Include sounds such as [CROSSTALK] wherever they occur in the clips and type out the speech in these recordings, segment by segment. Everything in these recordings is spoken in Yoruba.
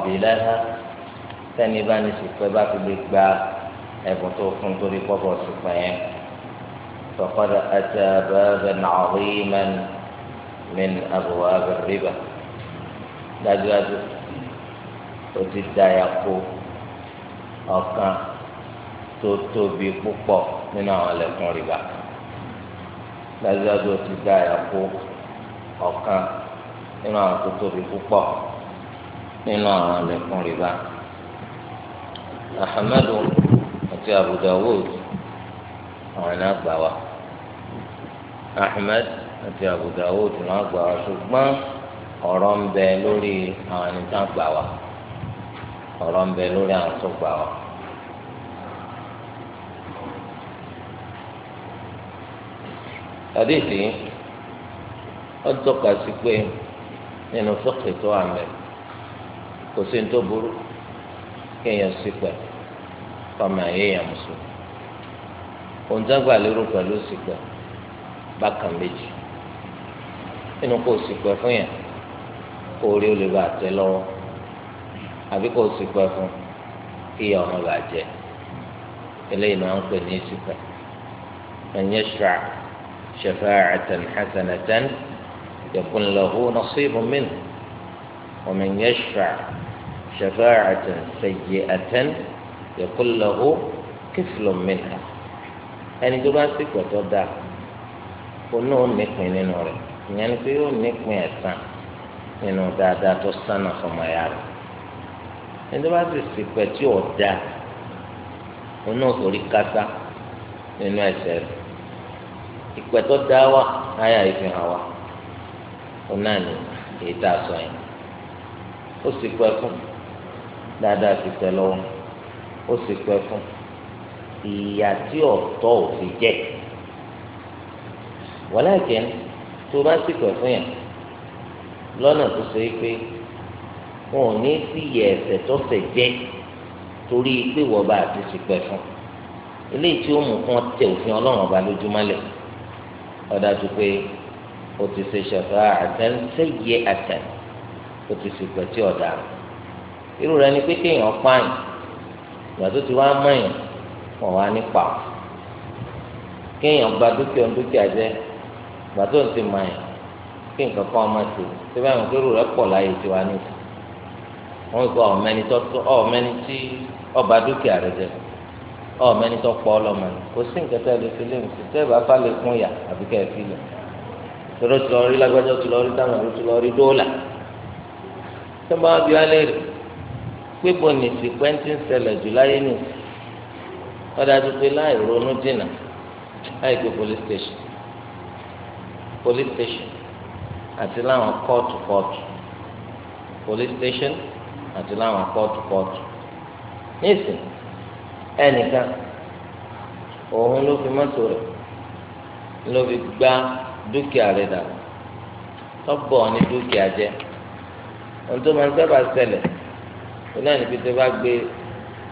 ọbẹ qabilaha sẹ́ni bá ní sùpẹ́ bá fi lè gba ẹ̀bùn tó fún torí pọ́pọ́ sùpẹ́ yẹn faqad ata baban aziman min abwab ar-riba dájúdájú ó ti da yàpò ọ̀kan tó tóbi púpọ̀ nínú àwọn ẹlẹ́kùn rìbá dájúdájú ó ti da yàpò ọ̀kan nínú àwọn tó tóbi púpọ̀. nínú àwọn àlékún rìbá ahmadu àti abu dawud àwọn náà gbà wá ahmed àti abu dawud náà gbà wá ṣùgbọ́n ọ̀rọ̀ ń bẹ lórí àwọn ẹni tá gbà wá ọ̀rọ̀ ń bẹ lórí àwọn tó gbà wá. hadithi ó tọ́ka sí pé nínú fúkì tó wà kò sí ní tó burú kéèyàn ṣìpẹ̀ fọmọ èèyàn mùsùlùmí ohun tó ń gbà lérò pẹ̀lú ṣìpẹ̀ bákan méjì nínú kò ṣìpẹ̀ fún yẹn kó orí ó lè bá tẹ lọ́wọ́ àbí kò ṣìpẹ̀ fún kíyà ọmọ bàjẹ́ eléyìí máa ń pè ní ṣìpẹ̀ ẹ̀yìn ẹ̀ṣọ́ شفاعة حسنة يكون له نصيب منه ومن يشفع شفاعة سيئة يقول له كفل منها ẹni tó bá sì pọ̀ tó dáa kó náà nípìn nínú rẹ̀ ìyẹn ni pé yóò nípìn ẹ̀san nínú dáadáa tó sánà fọmọ ẹ̀yà rẹ̀ ẹni tó bá sì sì tí ò dáa kó náà forí kásá nínú ẹ̀ṣẹ̀ rẹ̀ ìpẹ̀ tó dáa wà áyà ìfihàn wa kó náà ní èyí tá a sọ yẹn ó sì fún un dáadáa ti tẹ̀ lọ́wọ́ ó sì pẹ́ fún ìyá tí ọ̀tọ̀ ò fi jẹ́ wàláàkín tó bá sì pẹ́ fún yẹn lọ́nà tó ṣe é pé wọn ò ní sí ìyẹ̀ ẹ̀ṣẹ̀ tọ́sẹ̀ jẹ́ torí pé wọ́n bá àti sì pẹ́ fún eléyìí tí ó mú kí tẹ òfin ọlọ́run ọba lójúmọ́lẹ̀ ọ̀dájú pé o ti ṣe ṣẹ̀fà àtẹ̀ńtẹ̀yẹ àtẹ̀ o ti sì pẹ̀ tí ọ̀daràn irú rẹ̀ ni pé kéèyàn pààyàn ìgbà tó ti wá mọ̀yàn wọn wá nípa kéèyàn gba dúkìá dúkìá jẹ ìgbà tó ń ti mọ̀yàn kí nǹkan kan máa ti ṣé báyìí pé irú rẹ̀ pọ̀ láyé tiwa nìkan wọn kọ ọmọẹni tó ọmọẹni tí ọba dúkìá rẹ̀ jẹ ọmọ ẹni tó pọ̀ ọlọmọ ni kò sí nǹkan tẹ́ ẹ lè fi lé nǹkan tẹ́ bá fà lè kún yà àbí kẹ́ ẹ fi lẹ̀ tọ́lọ́ ti lọ rí lágbájá ti lọ rí táwọn ọ̀rọ̀ ti lọ rí dóòlà tó bá bí wá léèrè pípò ní sìkwẹ́ntì ń ṣẹlẹ̀ jù láyé nù ọ̀dájú pé láì ronú dìnnà láì pé police station police station àti láwọn kóòtù kóòtù police station àti láwọn kóòtù kóòtù nísìn ẹnìkan òun ló fi mọ́tò rẹ̀ ló fi gbá dúkìá rẹ̀ dànù tọ́bọ̀ ní dúkìá jẹ́ ohun tó máa ń sábà ṣẹlẹ̀ ó náà níbi tẹ bá gbé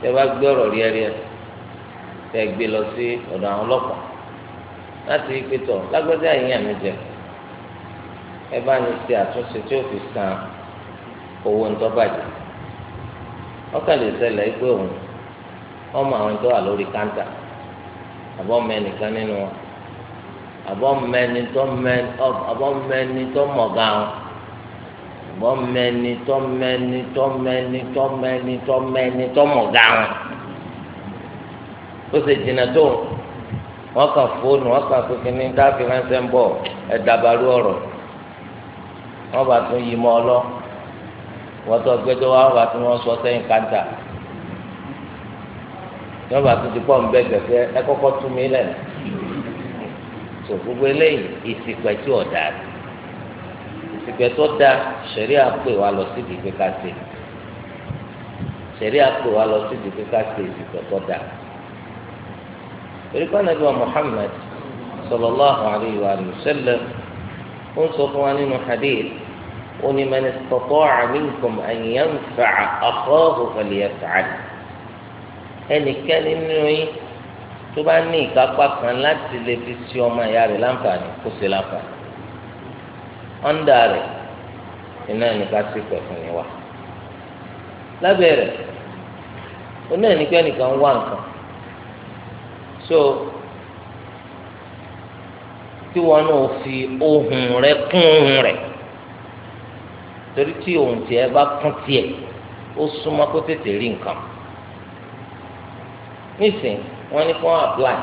tẹ bá gbé ọ̀rọ̀ rí ẹrí ẹ tẹ gbé lọ sí ọ̀dọ̀ àwọn ọlọ́pàá láti rí pé tọ lágbájá ìyẹn mi jẹ ẹ bá ní ṣe àtúnṣe tí ó fi san owó ń tọ́ bàjẹ́ ọkàn lè ṣẹlẹ̀ pé òun ọmọ àwọn tó wà lórí káńtà àbọ̀ mẹ́nìkan nínú wọn àbọ̀ mẹ́ni tó mẹ́ni tó mọ̀gá bọ́mẹ́ni tọ́mẹ́ni tọ́mẹ́ni tọ́mẹ́ni tọ́mẹ́ni tọ́mọ̀gá wọn ó sì jìnnà tó wọn kàn fóònù wọn kàn pínpín ní káfí ránṣẹ́ ń bọ̀ ẹ̀dàbàrú ọ̀rọ̀ wọn bá tún yí mọ́ ọ lọ wọ́n tó gbẹ́jọ́ wa bá tún wọn sọ sẹ́yìn káńtà wọn bá tún ti pọ̀ ń bẹ́ gbẹ̀fẹ́ ẹ kọ́kọ́ tún mi lẹ̀ sọ gbogbo eléyìí ìsìnkú ẹ̀ tí ìgbẹ́ tó da sẹ̀rí àpè wa lọ sí ìdìgbé káṣe sẹ̀rí àpè wa lọ sí ìdìgbé káṣe ìgbẹ́ tó da erékọ́ nàbí wa Muhammad sallallahu alayhi wa sallam ó ń sọ fún wa nínú hadith ó ní man istata'a minkum an yanfa'a akhahu falyaf'al ẹnikẹ́ni nínú yín tó bá ní ìkápá kan láti lè fi sí ọmọ ìyá rẹ̀ láǹfààní kó ṣe láǹfààní ọ̀ndà rẹ̀ iná nìkan sì pẹ̀fún ni wa lábẹ́ rẹ̀ oná nìkan nìkan wá nǹkan so tí wọn náà fi ohùn rẹ̀ kún ohùn rẹ̀ torí tí ohùn tiẹ̀ bá kún tiẹ̀ ó súnmọ́ kó tètè rí nǹkan nísìnyí wọ́n ní kó apply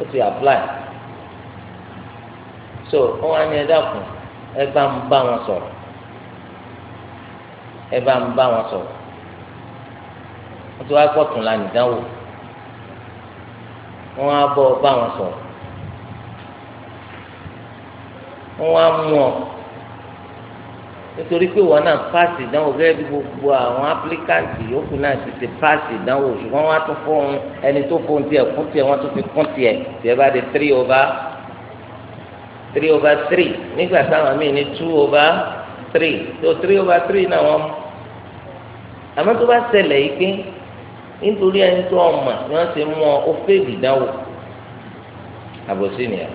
ó ti apply so wọn wá ní ẹ dákun ẹ bá ń bá wọn sọ̀rọ̀ ẹ bá ń bá wọn sọ̀rọ̀ wọn ti wá pọtùn la nìdánwò wọn á bọ bá wọn sọ̀rọ̀ wọn á mú ọ nítorí pé wọn náà paasi ìdánwò gẹ́gẹ́ bí gbogbo àwọn áplíkàǹtì yòókù náà ti ti paasi ìdánwò ṣùgbọ́n wọn á tún fóun ẹni tó fóun tiẹ̀ kún tiẹ̀ wọn tún fi kún tiẹ̀ tiẹ̀ bá di three over three over three nígbà táwọn míì ní two over three so three over three náà wọ́n mú àmọ́ tó bá ṣẹlẹ̀ yìí pé nítorí ẹni tó ọmọ ni wọ́n ti mú ọ ó fèèdì dánwò àbòsí nìyà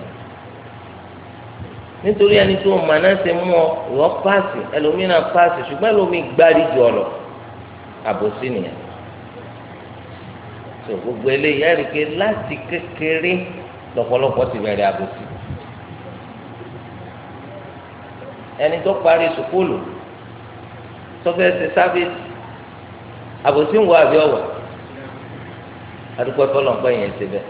nítorí ẹni tó ọmọ náà ti mú ọ ìwọ paasi ẹlòmíràn paasi ṣùgbọ́n ẹlòmíì gbárí jù ọ lọ àbòsí nìyà so gbogbo eléyìí ẹ̀rí pé láti kékeré lọ́pọ̀lọpọ̀ ti bẹ̀rẹ̀ àbòsí. ẹni tó parí sùkúlù tó fẹ́ ṣe sábẹ́sì àbòsí ń wọ àbí ọ̀wọ̀ adúpẹ́ fọlọ́npẹ́ yẹn ti bẹ́ẹ̀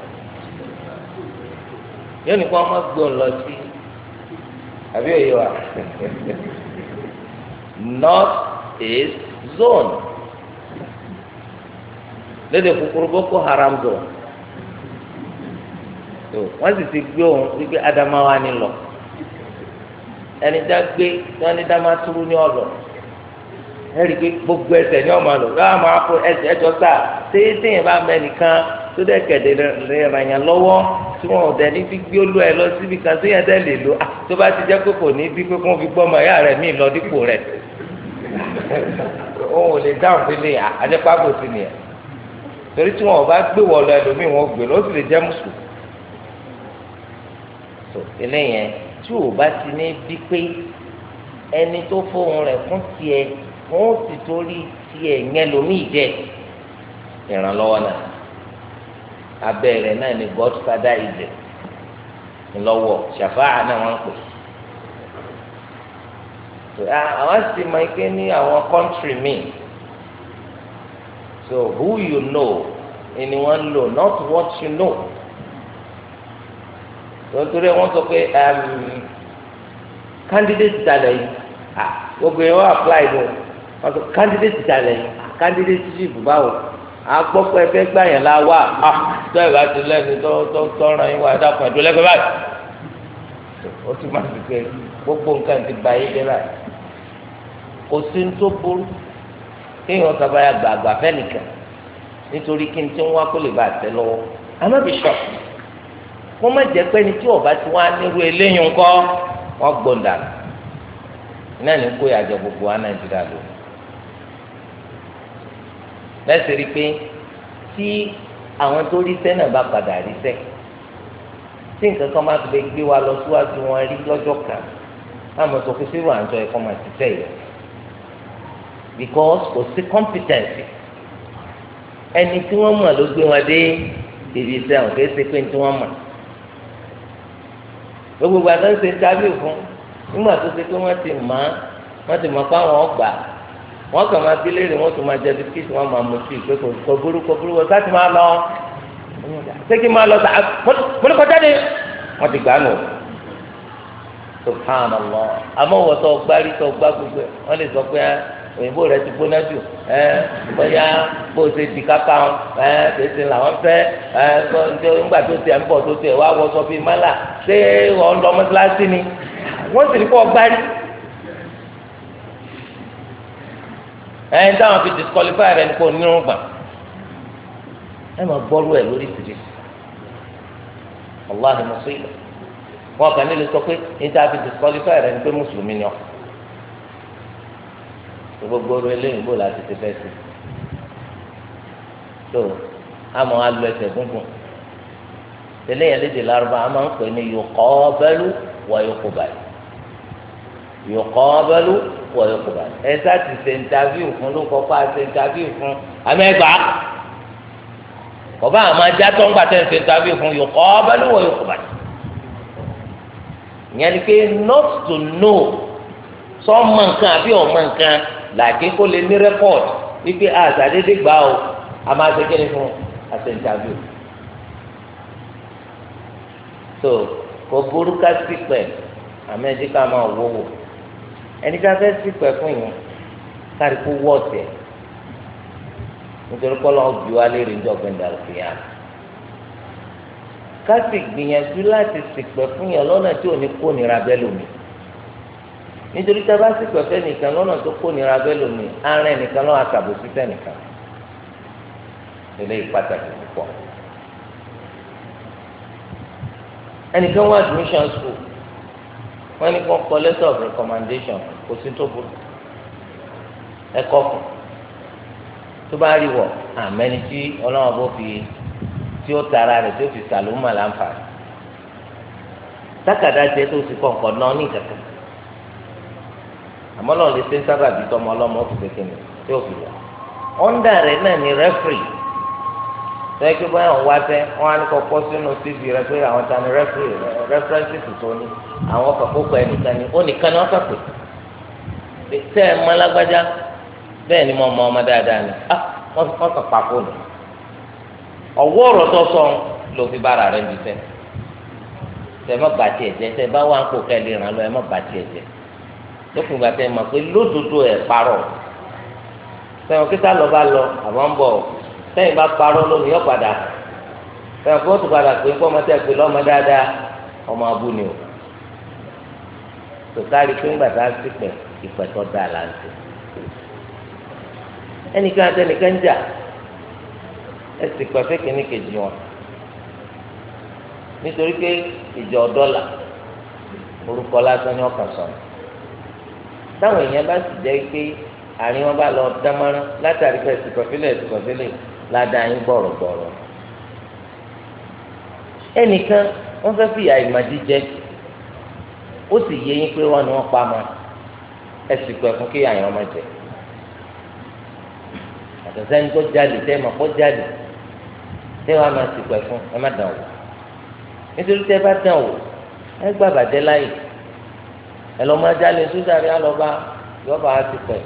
yóò ní kó ọmọ gbọ́n lọ sí àbí òye wa [LAUGHS] north east zone lédè kúkúrú boko haram zone wọ́n sì ti gbé òun wípé adamawa ni lọ ẹni dá gbé tí wọn ní dá máa túrú ní ọlọ ẹrí pé gbogbo ẹsẹ ní ọmọ lò lọ́wọ́ máa kó ẹsẹ ẹjọ́ sá téèté yẹn bá mẹ nìkan tó dẹ̀ kẹ̀dẹ̀ rẹ̀ ràyàn lọ́wọ́ tí wọn ò dẹ̀ ní fi gbé olú ẹ lọ síbi kan tó yẹn dẹ̀ lè lò tó bá ti jẹ́ pé kò ní bí pé kó fi gbọ́ ọmọ ìyá mí lọ dípò rẹ̀ [LAUGHS] òun ò lè dáhùn sílé àdẹ́pàbò sí nìyẹn torí tí wọn ò bá gbé wọ ẹlòmíì wọn gbé lọ ó sì lè jẹ́ mùsùlùmí tí ò bá ti ní bí pé ẹni tó fóun rẹ̀ fún tiẹ̀ wọn ó sì torí tiẹ̀ yẹn lómi ìjẹ ìrànlọ́wọ́ náà abẹ́rẹ́ náà ni godfather ìjẹ ńlọ́wọ́ ṣàfáà náà wọ́n ń So, àwọn sì mọ ike ní àwọn country mi so who you know ni wọ́n lò not what you know. tontoro wọn sọ pé um, candidate dalẹ yìí gbogbo yẹn wọn apply bọ wọn sọ candidate dalẹ yìí candidate ship báwo agbọ́pọ̀ ẹgbẹ́ gbà yẹn la wà tó ẹ̀ bá ti lẹ́nu tó tó tọ́ran yín wá ẹ̀ dàpọ̀ ẹ̀dùn lẹ́gbẹ̀ẹ́ báyìí ó ti máa ti pé gbogbo nǹkan ti ba yín dé báyìí kò sí ní tó burú kéèyàn sábà yà gbàgbà fẹ́nìkan nítorí kí n tí wá kó lè bá àtẹ lọ́wọ́ anábìṣọ́ọ̀kì kó má jẹ́ pé ní tí ọba ti wá nírú eléyìí ńkọ́ wọ́n gbọ̀ǹda náà ní kó yàjọ gbogbo wa nàìjíríà lò lẹ́sẹ̀ rí pé tí àwọn tó rí sẹ́ náà bá padà rí sẹ́ tí nǹkan kan bá ti lè gbé wa lọ síwájú wọn rí lọ́jọ́ kan àmọ́ sọ pé sírò àǹtọ̀ ẹ̀kọ́ máa ti sẹ́ yẹn because kò sí competency ẹni tí wọ́n mọ̀ ló gbé wọn dé ibi iṣẹ́ àwọn kò é pé ní tí wọ́n mọ̀ gbogbo àti ń ṣe tábìlì fún nígbà tó ṣe pé wọ́n ti mọ̀ á wọ́n ti mọ̀ pé àwọn ọgbà wọ́n kàn máa fi léèrè wọ́n tún máa jẹ bisikíìtì wọ́n máa mú tíì pé kò burú kò burú wọ́n sáà ti máa lọ ṣé kí n máa lọ sàá mo ní kọjá dé wọ́n ti gbà nù subhanallah àmọ́ wọ́n sọ gbárí sọ gbá gbogbo ẹ̀ wọ́n lè sọ pé òyìnbó rẹ ti gbóná jù ẹ bóyá bó ṣe di kápá ọ ẹ tètè làwọn fẹ ẹ nígbà tó tiẹ̀ ń bọ̀ tó tiẹ̀ wá wọ sọ fún imala ṣé wọn lọ mọ́tíláṣí ni wọ́n sì ní kó gbárí. ẹ dáhùn fi disqualify rẹ ní kó nírun gbà ẹ máa gbọ́rú ẹ lórí tìrìsì allah ni mo sọ ìlọ wọn kàn nílò sọ pé níta fi disqualify rẹ ní pé mùsùlùmí ni ọ gbogbo orí eléyìí bò láti ti fẹ́ sí tó àmọ́ alu ẹsẹ̀ gúngùn tẹ́lẹ̀ yẹn lédè lárúbá a máa ń pè ní yuqabalu wa yuqbal yuqabalu wa yuqbal ẹ sá ti ṣe ntàvíù fún ló kọ́ pa ṣe ntàvíù fún amẹ́gbà kọ́bá àmọ́ ajá tó ń gbà tẹ̀ ṣe ntàvíù fún yuqabalu wa yuqbal ìyẹn ni pé not to know sọ ọmọ nǹkan àbí ọmọ nǹkan làákè kó lè ní rẹ́kọ̀d wípé àtàdédé ah, gbà ó a máa ṣe kéde fún àtẹ̀ntàbíò tó kò burú ká sí pẹ̀ àmì ẹ̀jẹ̀ ká máa wò wò ẹni ká fẹ́ sí pẹ̀ fún yìí kárí kó wọ́ ọ̀tẹ̀ nítorí kọ́ lọ́wọ́ bí wá léèrè ní ọ̀gbìn dàrúfìyà ká sì gbìyànjú láti ṣìpẹ̀ fún yẹn lọ́nà tí ò ní kó nira bẹ́ẹ̀ lómi nítorí tá a bá sì pẹ̀fẹ́ nìkan lọ́nà tó kó nira bẹ́ẹ̀ lómi ara ẹnìkan lọ́wọ́ àtàbò sísẹ́ nìkan eléyìí pàtàkì púpọ̀ ẹnìkan wá admission school wọ́n ní kó kọ letter of recommendation kò sí tó burú ẹ̀kọ́ kù tó bá rí wọ àmẹ́ni tí ọlọ́wọ́ bó fi tí ó tara rẹ̀ tí ó fi sàlùmọ̀ láǹfààní tákàdá jẹ́ tó ti kọ̀ọ̀kan náà ní ìkàkùn àmọ́ lọ́n lè ṣe sábà bíi tọmọ ọlọ́mọ ó fi ṣe kíni tí ó fi yà ọ̀ndà rẹ̀ náà ni rẹ́fìrì tọ́ ẹ pé bóyá òun wá fẹ́ wọ́n á ní kọ́ pọ́ sínú síbi rẹ pé àwọn ta ni rẹ́fìrì rẹ́fìrẹ́nsìsì tó ní àwọn kọ̀kọ́kọ́ ẹnìkan ni ó nìkan ni wọ́n kàpè tẹ́ ẹ mọ alágbájá bẹ́ẹ̀ ni mo mọ ọmọ dáadáa ni ah wọ́n kàn pa fóònù ọ̀wọ́ ọ̀rọ̀ tó sọ ló fi bára rẹ̀ ń bí sẹ́ tẹ́ ẹ mọ̀ bàtì ẹ̀jẹ̀ tẹ́ ẹ bá wà ń kó kẹ́lẹ́ ìrànlọ́ ẹ mọ̀ bàtì ẹ̀jẹ̀ lókun ìgbà tẹ mọ̀ pé lódodo ẹ̀ parọ́ sẹ́wọ̀n kíkà lọ bá lọ àwọn ń bọ̀ sẹ́yìn bá parọ́ lónìí yọ padà sẹ́wọ̀n kí wọ́n tún padà pé kọ́ ọmọ tẹ́ pé lọ́mọ dáadáa ọmọ abú ni o tòkárí pé ńgbà tá a sì pẹ̀ ìpẹ́ tó dáa là ń tẹ̀ ẹnìkan àtẹnìkan ń jà ẹ sì pẹ́ fẹ́ kìíní kejì wọn nítorí pé ìjọ dọ́là orúkọ lásán ni ọkàn sọ̀rọ̀ táwọn èèyàn bá sì jẹ́ pé àárín wọn bá lọ dámọ́rán látàrí pé ẹ̀sìnkọ̀fílẹ̀ ẹ̀sìnkọ̀fílẹ̀ ládàá yín gbọ̀rọ̀gbọ̀rọ̀ ẹnìkan wọ́n fẹ́ fìyà ìmàdí jẹ ó sì yé yín pé wọ́n ni wọ́n pa ma ẹ̀sìnkọ̀ ẹ̀fún kí àyàn ọmọ jẹ àtẹ̀sẹ́ni tó jáde tẹ́ ma kọ́ jáde tẹ́ wàá ma sìnkọ̀ ẹ̀fún ẹ má dàn wò nítorí tẹ́ bá dàn wò ẹ gbà bàjẹ́ láyè ẹlọmọdéjalè sójàre alọba yọba ti pẹ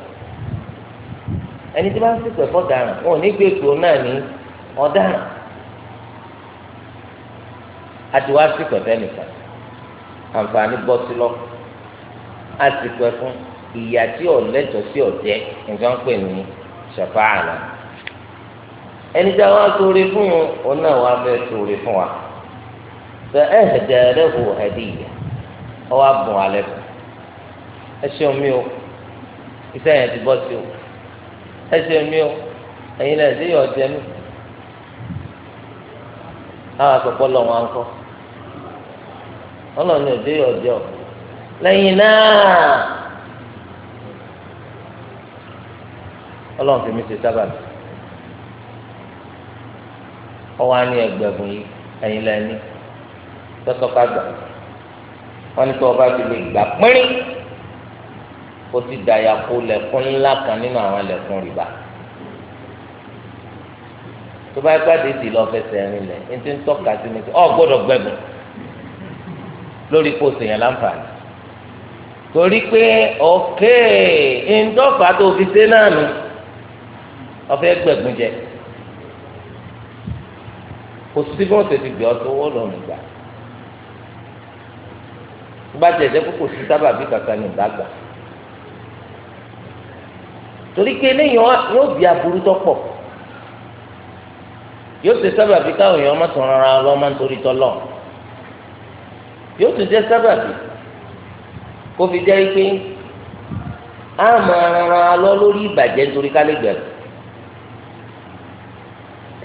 ẹni tí bá ń ti pẹ fọdaràn wọn ò ní gbé ètò náà ní ọ̀daràn àti wá sí pẹfẹ nìkan àǹfààní bọ sí lọ àti pẹ fún ìyà tí ọlẹtọ sí ọjẹ nǹkan pè ní ṣẹfà àná ẹni tí a wá sóore fún un òun náà wá fẹ́ sóore fún wa fẹ ẹ hẹdẹ rẹ hù hẹdí yẹ ọ wá bùn alẹ fún. ẹ ṣeun o iṣẹ́ yẹn ti bọ́ sí o ẹ ṣeun o ẹ̀yin lẹ́yìn tí yọ̀ jẹ́ mi àwọn àpapọ̀ lọ wọn kọ́ ọlọ́run yóò dé yọ̀ o lẹ́yìn náà ọlọ́run fi mi ṣe sábàbí yìí ó sì dàyàkó lẹ̀kún ńlá kan nínú àwọn lẹ̀kún rìbá tó bá gbàdé dì lọ fẹsẹ̀ rìn lẹ̀ ní ti ń tọ́ka sí ni ọ gbọ́dọ̀ gbẹ̀gùn lórí ipò sèyàn láǹfààní torí pé ọ̀kẹ́ ńdọ́fà tó fi dé náà nù ọ̀fẹ́ gbẹ̀gùn jẹ kò sí bí wọ́n ti fi gbé ọ tó wọ́n lọ́nù gbà gbàtẹ̀ ẹ̀jẹ̀ kókò sí sábàbí kàkà ní ìdágbà. torí pé eléyìí yóò bí aburú tó pọ̀ yóò ṣe sábàbí káwọn èèyàn máa tọrọ ara lọ máa ń torí tọlọ yóò tún jẹ sábàbí kó fi jẹ́ ike a máa rara lọ lórí ìbàjẹ́ nítorí ká lè gbẹ̀rù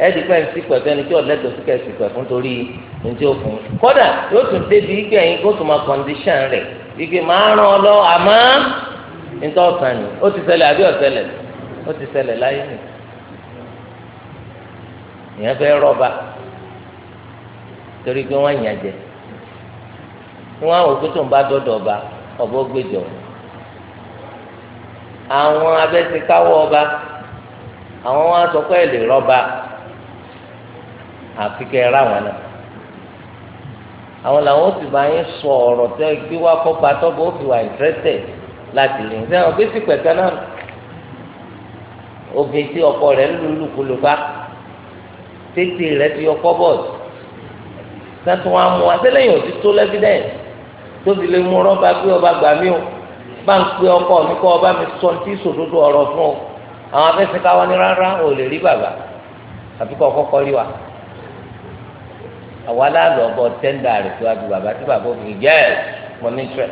ẹ̀ẹ́dì pẹ́ ń sípẹ̀ ni tí ọ̀lẹ́dọ̀ sí kẹ́ sípẹ̀ fún torí ó fún un kódà yóò tún débi ìgbẹ̀yìn nítorí ọ̀sán ni ó ti ṣẹlẹ̀ àbí ọ̀sẹlẹ̀ ó ti ṣẹlẹ̀ láyé nì ìyẹn fẹ́ rọ́bà torí pé wọ́n yàn jẹ tí wọ́n àwọn òkútù ń bá dọ́dọ̀ ọba ọba ó gbèjọ àwọn ọba àwọn wọn sọ pé ẹ rọ́bà àfi kẹ́ ẹ rà wọn náà àwọn làwọn ó sì máa ń sọ ọ̀rọ̀ tẹ́ gbé wá láti lè ṣe ọgbẹ́ sì pẹ̀kẹ́ náà obìnrin tí ọkọ rẹ̀ ń lu lùkulùbá tètè rẹ̀ ti ọkọ bọ́ọ̀sì sẹ́tù wọn mú wa sẹ́lẹ̀yìn òtí tó lẹ́fídẹ́ǹsì tó fi lè mú rọ́bà pé ọba gbà mí o bá ń pe ọkọ mi kọ́ ọba mi sọ tí sòdodo ọ̀rọ̀ fún o àwọn afẹ́sẹ̀ káwọn ní rárá ò lè rí bàbá àfi kọ́ kọ́kọ́ rí wa àwa láàlú ọgbọ́n tẹ́ńdà rẹ̀ tó wá ju bàbá tí bàbá òfin yẹ́ẹ̀ mọ́ ní tírẹ̀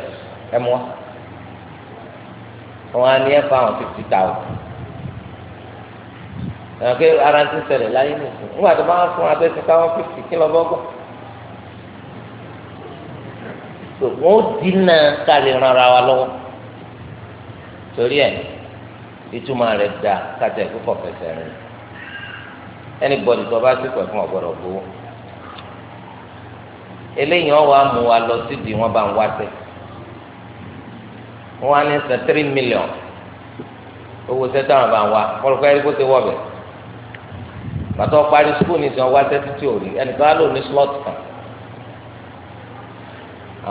ẹ̀ mú wa wọn á ní ẹ fa àwọn fifty thousand ẹnì kí ara ti ṣẹlẹ̀ láyé nìkan nígbà tó bá wọn fún abẹ́ fífa wọn fifty kí lọ bọ́gbọ́ wọn ó dínà ká lè ran ara wa lọ́wọ́ torí ẹ̀ ìtumọ̀ rẹ̀ da kàtẹ́ púpọ̀ fẹsẹ̀ rẹ̀ anybody tó bá sì pẹ̀ fún ọ̀gbọ́dọ̀ gbowó eléyìí wọn wà mú wa lọ sídìí wọn bá ń wá sẹ́yìn wọn á ní sàn three million owó sẹ́tà wọn bá wa kọ́lọ́kọ́ ẹ̀rí kó ti wọ̀ bẹ̀ pàtó parí sukùl ní sàn wá sẹ́tì tí ò rí ẹnìkan á lò ní slot kan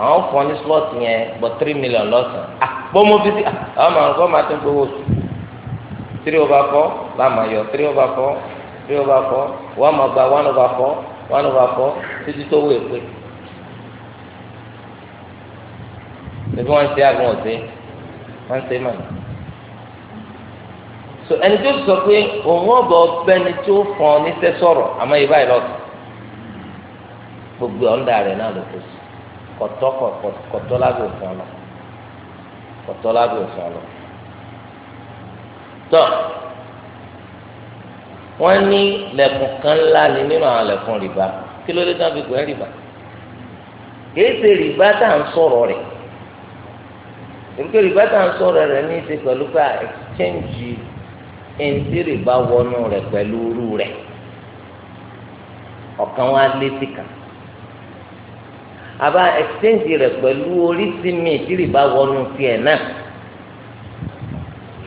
àwọn fún ọ ní slot yẹn bọ̀ three million lọ́sàn án bọ́ mo fi sí àwọn màá kọ́ máa tún gbowó sùn three over four bá máa yọ three over four three over four wọ́n máa gba one over four one over four títí tó wé pé ṣé bí wọ́n ń ṣe àgbọn ọ̀sẹ̀ wọ́n ṣe mọ̀ so ẹni tó sọ pé òun ọ̀bọ̀ ọbẹ̀ ni tó fún ọ ní sẹ́sọ̀rọ̀ àmọ́ ibà yìí lọ́sọ̀ gbogbo ọ̀ndà rẹ̀ náà ló kó sí kọ̀tọ́ kọ̀tọ́ lábẹ́ òfin ọ̀la kọ̀tọ́ lábẹ́ òfin ọ̀la tọ́ wọ́n ní lẹ̀kùn kan ńlá ni nínú àwọn lẹ̀kùn rìbá kí ló dé tán fi gbọ́ ẹ́ rìbá kìí ṣe rìbá tá à ń sọ̀rọ̀ rẹ̀ èké rìbá tá à ń sọ̀rọ̀ rẹ̀ ní í ṣe pẹ̀lú pé exchange ẹ̀ǹtí rìbá wọnú rẹ̀ pẹ̀lú irú rẹ̀ ọ̀kan wá létí kan àbá exchange rẹ̀ pẹ̀lú oríṣi míì tí rìbá wọnú tiẹ̀ náà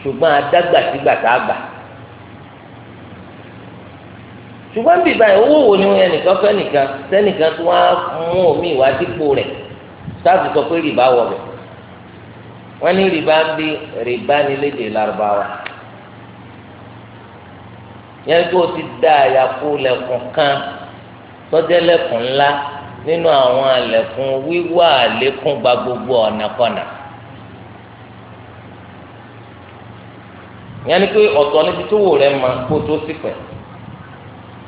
ṣùgbọ́n adágbàtígbà tá a gbà ṣùgbọ́n bí báyìí owó wo ni ẹnìkan fẹ́ nìkan sẹ́nìkan tó wá mú omi ìwádìí pò rẹ̀ sáàbù sọ pé rìbá wọ̀ bẹ́ẹ̀ wọ́n ní rìbá ń bí rìbá ní lédè lárúbáwá yẹn tó ti dá àyàkú lẹ̀kùn kan tọ́jẹ́ lẹ̀kùn ńlá nínú àwọn àlẹ̀kùn wíwá àlékún gba gbogbo ọ̀nàkọ̀nà yẹn ni pé ọ̀tọ̀ níbi tó wò rẹ̀ mọ kó tó sì pẹ̀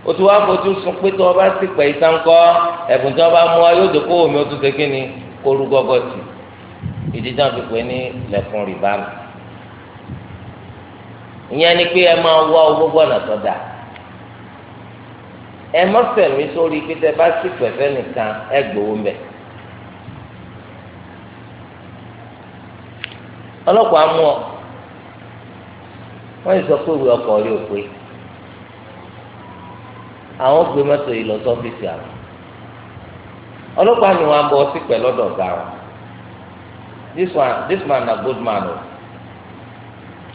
o ti wá fojú sun pé tí wọ́n bá sì pẹ̀ ìsánkọ́ ẹ̀bùn tí wọ́n bá mú ọ yóò dókòwò mi ó tún ṣe kí ni kó rú gọ́gọ́ sí i. ìdí tá fi pè ní rìbá ìyẹn ni pé ẹ máa wá owó gbọ́nà tó ẹ má fẹ̀mí sórí pé tẹ bá sì pẹ̀fẹ́ nìkan ẹ gbowó mbẹ. ọlọ́pàá mú ọ wọ́n sọ pé ìwé ọkọ̀ rí òpè àwọn gbé mọ́tò yìí lọ sọ́fíìsì àwọn ọlọ́pàá ni wọ́n sí this one this man na good man o oh.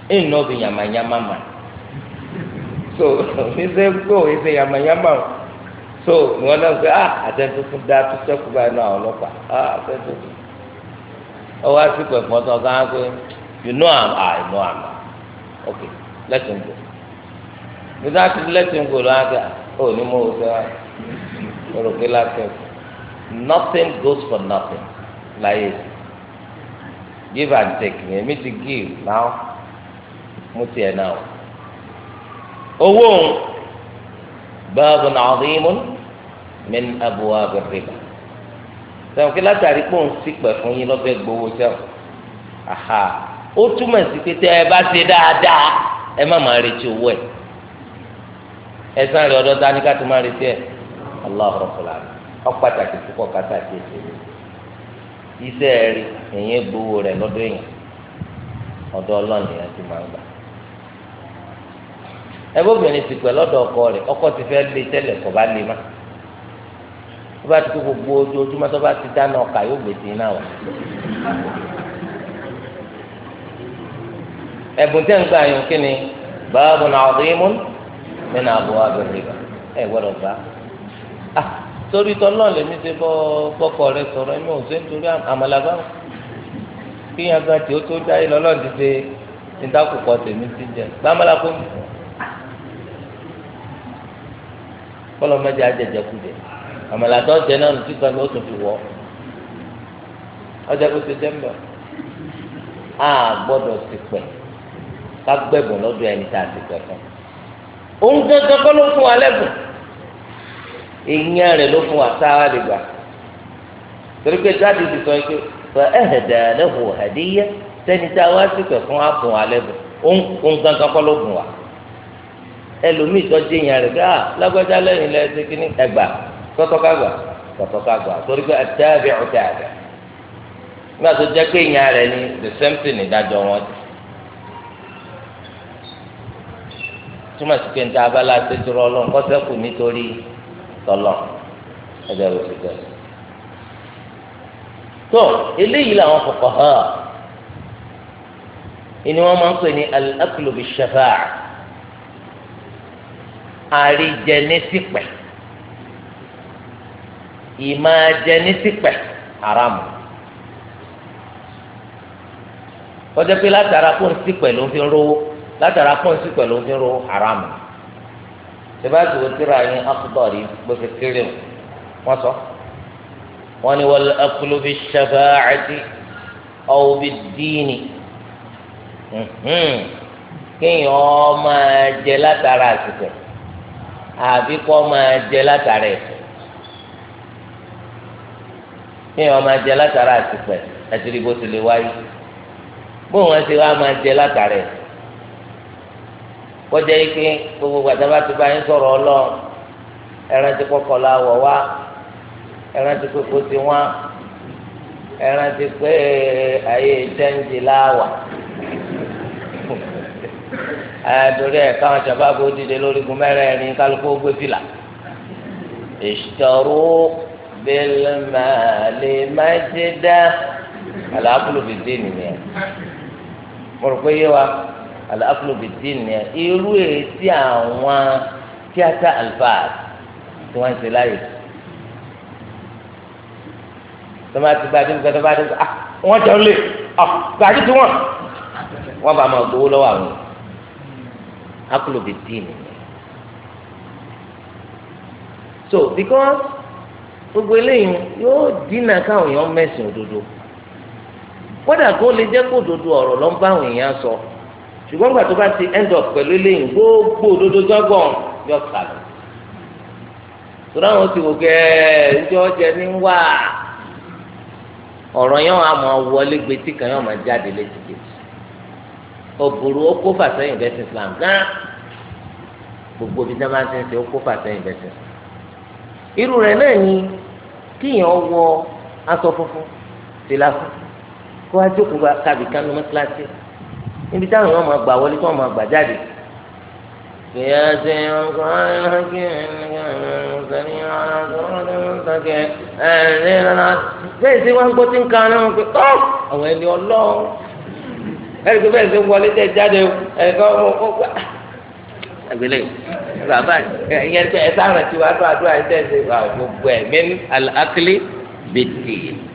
him no be yamayama man so [LAUGHS] he say go he say yamayama o oh. so wọn náà sọ ah àtẹnudọ́tún dá tó sẹ́kù báyìí náà ọlọ́pàá ah àtẹnudọ́tún ọwọ́ àtìkù ẹ̀fọn tó ọ̀gá ń pè you know am ah I know am okay let him go without let him go lọ́wọ́ àgbà oh, ní mo sọ ọ̀rọ̀ pé láti ẹ̀kọ́ nothing goes for nothing láyé sí give and take yẹn mi ti give now mo tiẹ̀ náà owó babun adhimun min abwab ar-riba sẹ́wọ̀n kí látàrí pé òun sì pẹ̀ fún yín lọ́fẹ́ gbowó sẹ́wọ̀n aha ó túmọ̀ sí pé tẹ́ ẹ bá ṣe dáadáa ẹ má máa retí owó ẹ̀ ẹ̀sán rẹ̀ ọ̀dọ́ ta ni ká tó máa retí ẹ̀ Allahu Rabbul alamin ó pàtàkì púpọ̀ ká tà sí ètò yìí. iṣẹ́ rí èyàn gbowó rẹ̀ lọ́dọ̀ èyàn ọ̀dọ̀ ọlọ́run nìyẹn ti máa ń gbà. ẹgbẹ́ obìnrin ti pẹ̀ lọ́dọ̀ ọkọ rẹ̀ ọkọ ti fẹ́ lé tẹ́lẹ̀ kọ́ bá lé má. tó bá ti kó gbogbo ojoojúmọ́ tó bá ti dáná ọkà yóò gbé sí ni báwo ni àwọn ọ̀dọ́ yín mú nínú àbọ̀ àbẹ̀rẹ̀ ẹ̀ gbọ́dọ̀ torí tọ́lọ́ lèmi ṣe bọ́ bọ́kọ rẹ sọ̀rọ̀ ẹ̀mí òun ṣe ń torí àmàlàbá kí yẹn gan tí ó tó dá ilé ọlọ́run ti ṣe ìdákùkọ tèmi ti jẹ gbàmàlà kó mi kọlọ mẹjẹ ajẹjẹ kú jẹ àmàlà tó jẹ náà lùtí kan ló tún fi wọ ọjà kó ṣe jẹ ń bọ a gbọ́dọ̀ ti pẹ ká gbẹbùn lọ́dọ̀ ẹni tá a ti pẹ fún òun gẹ́gẹ́ kọ́ ló fún wa lẹ́bùn. ìyẹn rẹ̀ ló fún wa sáwá lè gbà torí pé jáde ti sọ pé fa ẹ̀hẹ̀dà a wá sípẹ̀ fún wa bùn wa òun gangan kọ́ ló bùn wa ẹlòmíì tó dé ìyẹn pé ah, lágbájá ṣe ẹgbà torí pé nígbà tó pé ìyẹn ni the same thing wọn ti túmọ̀ sí pé tọ́lọ̀ ẹ̀jẹ̀ rẹ̀ ti dẹ̀. tó eléyìí làwọn kọ̀kọ̀ hà ìní wọn máa ń pè ní alákùlùbí ṣẹfà àríjẹnísìpẹ̀ ìmájẹnísìpẹ̀ haramu kọjá pé látara kó ń sípẹ̀ ló ń fi rówó látara kó ń sípẹ̀ ló ń fi rówó haramu tẹ́bàtì wo tíra yín akutọ̀ rí bó ṣe kéré o wọ́n sọ. wọ́n ní wal aklu bi shafa'ati aw bi dini mhm. kéèyàn máa jẹ látara àsìkò àbí kọ́ máa jẹ látara ẹ̀sìn kéèyàn máa jẹ látara àsìkò àti rí bó lè wáyé bóun ẹ̀ ṣe wá máa jẹ látara ẹ̀sìn kọjá yìí pé gbogbo gbàdábà ti bá yín sọ̀rọ̀ ọlọ́run ẹran ti kọ́kọ́ la wọ̀ wá ẹran ti kókó ti wá ẹran ti pé eh, ayé tẹ́ǹtì la wà àdórí [LAUGHS] ẹ̀ káwọn sábàbò dìde lórí gun mẹ́rẹ̀ẹ̀rin kálukú gbé fìlà ìṣòro bẹ́lẹ̀mẹ́lẹ́ májẹ́dá àlàáfíà ló fi dé nìyẹn mo rò pé yé wa aláfọlùbìdín ni irú èyí tí àwọn tíátà alfaad tí wọ́n ń ṣe láyè tọ́mọ àti gbàdúrà gbàdúrà gbàdúrà ah wọ́n jẹun lè ah gbàdúrà tí wọ́n wọ́n bá máa gbowó lọ́wọ́ àwọn aláfọlùbìdín ni so because gbogbo eléyìí yóò dínà káwọn èèyàn mẹsìn òdodo kódà kó lè jẹ́ kó òdodo ọ̀rọ̀ ló ń bá àwọn èèyàn sọ. So ṣùgbọ́n gbà tó bá ti end of pẹ̀lú eléyìí gbogbo òdodo gbọ́ngàn yọ sàlẹ̀ torí àwọn ti wò gẹ́ẹ́ ǹjẹ́ ọjẹ́ ní wà ọ̀rọ̀ yẹn wà máa wọlé gbetí kan yẹn máa jáde létí ọ̀bùrù ó kó fàṣẹyìn bẹ́sẹ̀ Islam gán gbogbo bí sábà ti ń ṣe ó kó fàṣẹyìn bẹ́sẹ̀ Islam irú rẹ̀ náà ni kíyàn wọ aṣọ funfun tìlà fún kó wá jókòó kábìkan ní mọ́tíláṣí níbi táwọn èèyàn máa gbà wọlé tí wọ́n máa gbà jáde. kìyà ṣe ọkọ ayọ̀kẹ́ ẹ̀ẹ́dẹ́gbẹ̀rún ọ̀sẹ̀ bẹ́ẹ̀ ṣe wọ́n gbọ́ tí ń kan náà pé tọ́ àwọn ẹni ọlọ́run ẹni tó bẹ́ẹ̀ ṣe wọlé tẹ̀ jáde ẹni kan ó gbà àgbélé bàbá ìyẹn ẹ sáré tiwa tó àdúrà ẹ ṣe gbogbo ẹ̀ mẹ́nu àkìlẹ̀ bẹ̀tẹ̀.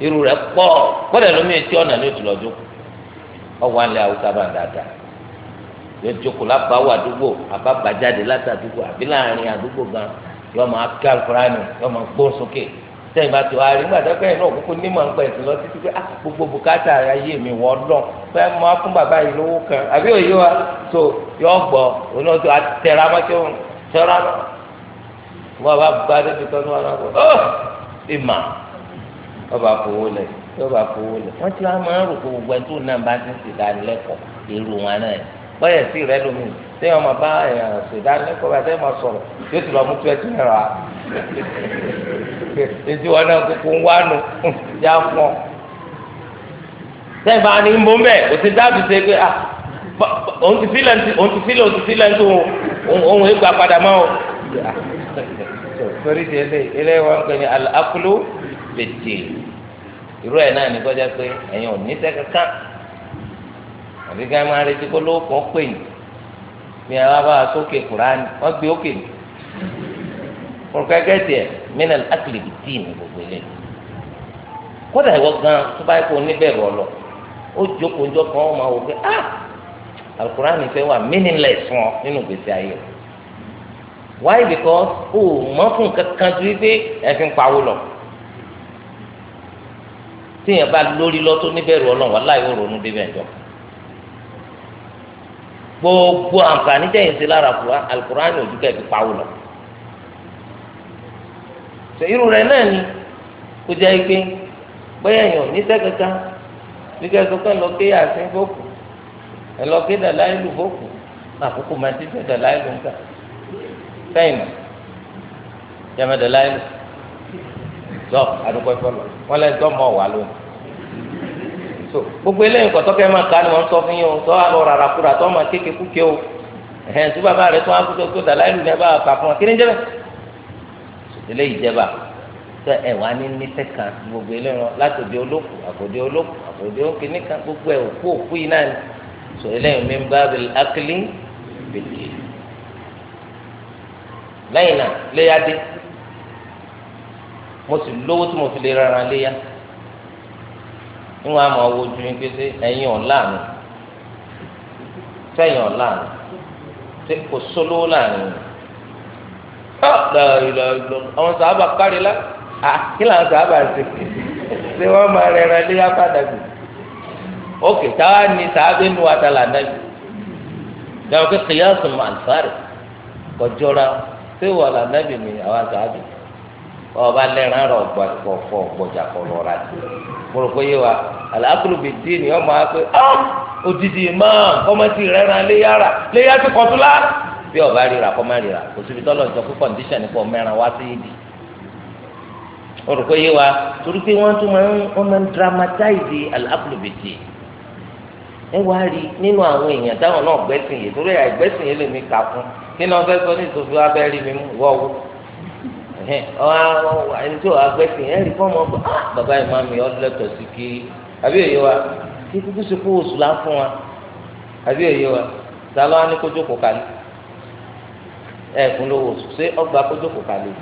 irú rẹ pọ̀ kọ́lẹ̀ lómi etí ọ̀nà ní òtún lọ́jọ́ ọwọ́ alẹ́ haúsá bá ń dáadáa yóò jókòó lábáwò àdúgbò àbábàjáde látàdúgbò àbí láàrin àdúgbò gan yóò máa ká alukurani yóò máa gbó sókè sẹ́yìn bá tó arí nígbà tó kẹ́yìn náà kókó nímọ̀ ń pẹ̀sì lọ títí pé ah, gbogbo bùkátà ayé mi wọ́n dán máa fún bàbá yìí lówó kan àbí òye wa tó yọ òun náà tó bá ní wọn náà kó oh! ọ́ ọba fowó lẹ ọba fowó lẹ wọn ti wá máa ń rò pé gbogbo ẹtù náà bá ti ń ṣèdánilẹ́kọ̀ọ́ èrò wọn náà bọyẹ sí rẹ lómi tí wọn máa bá ṣèdánilẹ́kọ̀ọ́ bá tẹwọn sọ̀rọ̀ yóò ti lọ mú tó ẹtù náà wá ètò wọn náà kúkú ń wá [LAUGHS] já fún ọ tẹ́ẹ̀bá ni ń bọ́ mbẹ́ kò sí dáàbò ṣe pé ah òun ti sílẹ̀ òun ti sílẹ̀ òun ti sílẹ̀ tó òun ìgbà padà mọ́ o. [LAUGHS] torí ti ilé ilé wọn kò ní alákùlù pété irú ẹ̀ náà ní kọjá pé ẹ̀yin ò níṣẹ́ kankan àbí ká máa retí kó lówó kan pè yín bí ẹ wá bá a sókè kúránì wọ́n gbé òkè mi kọ̀ọ̀kẹ́kẹ́ tiẹ̀ mínà ákìlìbì tí ní gbogbo ilé kódà ìwọ gan tó bá kó níbẹ̀rù ọ̀lọ́ ó jókòó njọ́ kan ó máa wò pé ah alukurani fẹ́ wà meaningless fún ọ nínú gbèsè ayé rẹ̀ why because o mọ̀ fún kankan ju wípé ẹ fi ń pawó lọ téèyàn bá lórí lọ́tọ́ níbẹ̀rù ọlọ́run wà láì ronú débẹ̀ jọ. gbogbo àǹfààní tẹ̀yìn sí lára alukur'ani ojú kẹ́ẹ̀ fi pawó lọ. sọ irú rẹ̀ náà ni kó jẹ́ pé bóyá èèyàn ní sẹ́kẹ̀kẹ́ bí kẹ́sọ́ pé lọ kéèyà sí fóòkù ẹ lọ ìlú fóòkù àkókò máa fẹ́ dàda ìlú nǹkan sẹ́yìn náà yàmẹ́ dàda ìlú lọ àdúgbò ẹfọlọ wọn lẹ dọmọ wà lónìí so gbogbo eléyìí kọtọ kẹ máa kà ni wọn sọ fún yín o tọ àlọ rárá kúrò àtọ máa kéke kúkẹ o ẹhẹn tí bàbá rẹ tó wá kúkẹ kó dàlá ìlú náà bá kà fún wa kí ni jẹbẹ eléyìí jẹba tọ ẹ wà ní níṣẹ kan gbogbo eléyìí wọn láti òde olóko àkòdé olóko àkòdé òkè nìkan gbogbo ẹ òkú òkú yìí náà ni so eléyìí mi ń bá akílí bèlè lẹ́yìn náà léyàdé mo sì lówó tí mo fi lè rárá léyà níwọ̀n àmọ́ owó ojú yín pé ṣé ẹ̀yin ọ̀làánú sẹ́yìn ọ̀làánú ṣé kò sólówó láàrin àwọn sàábà kárí la kí làwọn sàábà ṣe ṣé wọ́n máa rẹ̀ra léyà padà bì ok táwa ni sàábà nu àtàlà náà bì dàwọn kí kìyàsùn mà àlùfáàrẹ̀ kọjọ́ra ṣé wọ́n mi àwọn sàábà. ọba lẹ́ran rọ̀ gbọ̀fọ̀ gbọ̀jàpọ̀ lọ́ra sí mo rò pé yé wa àlàkùlù bìtì ni ọmọ akpé odidi máa kọ́mọ́tì rẹ́ran léyàrá léyà ti kọ́túlá bí ọba rira kọ́ rira òsibí jọ pé kọ́ndíṣàn wa torí pé wọ́n tún máa ń dramatize àlàkùlù bìtì ẹ wá rí nínú àwọn èèyàn táwọn náà gbẹ́sìn yìí torí àìgbẹ́sìn yìí kà fún kí ni ẹni tí o wá rí fọ́ọ̀mù ọgbà ah, bàbá ìmáàmù yọ lẹ́tọ̀ọ́ sí kí àbí òye wa kí kúkú sí kó oṣù lá fún wa àbí òye wa ta ló wá ní kalẹ̀ ẹ̀ fún lówó oṣù ṣé ọgbà kójó kò kalẹ̀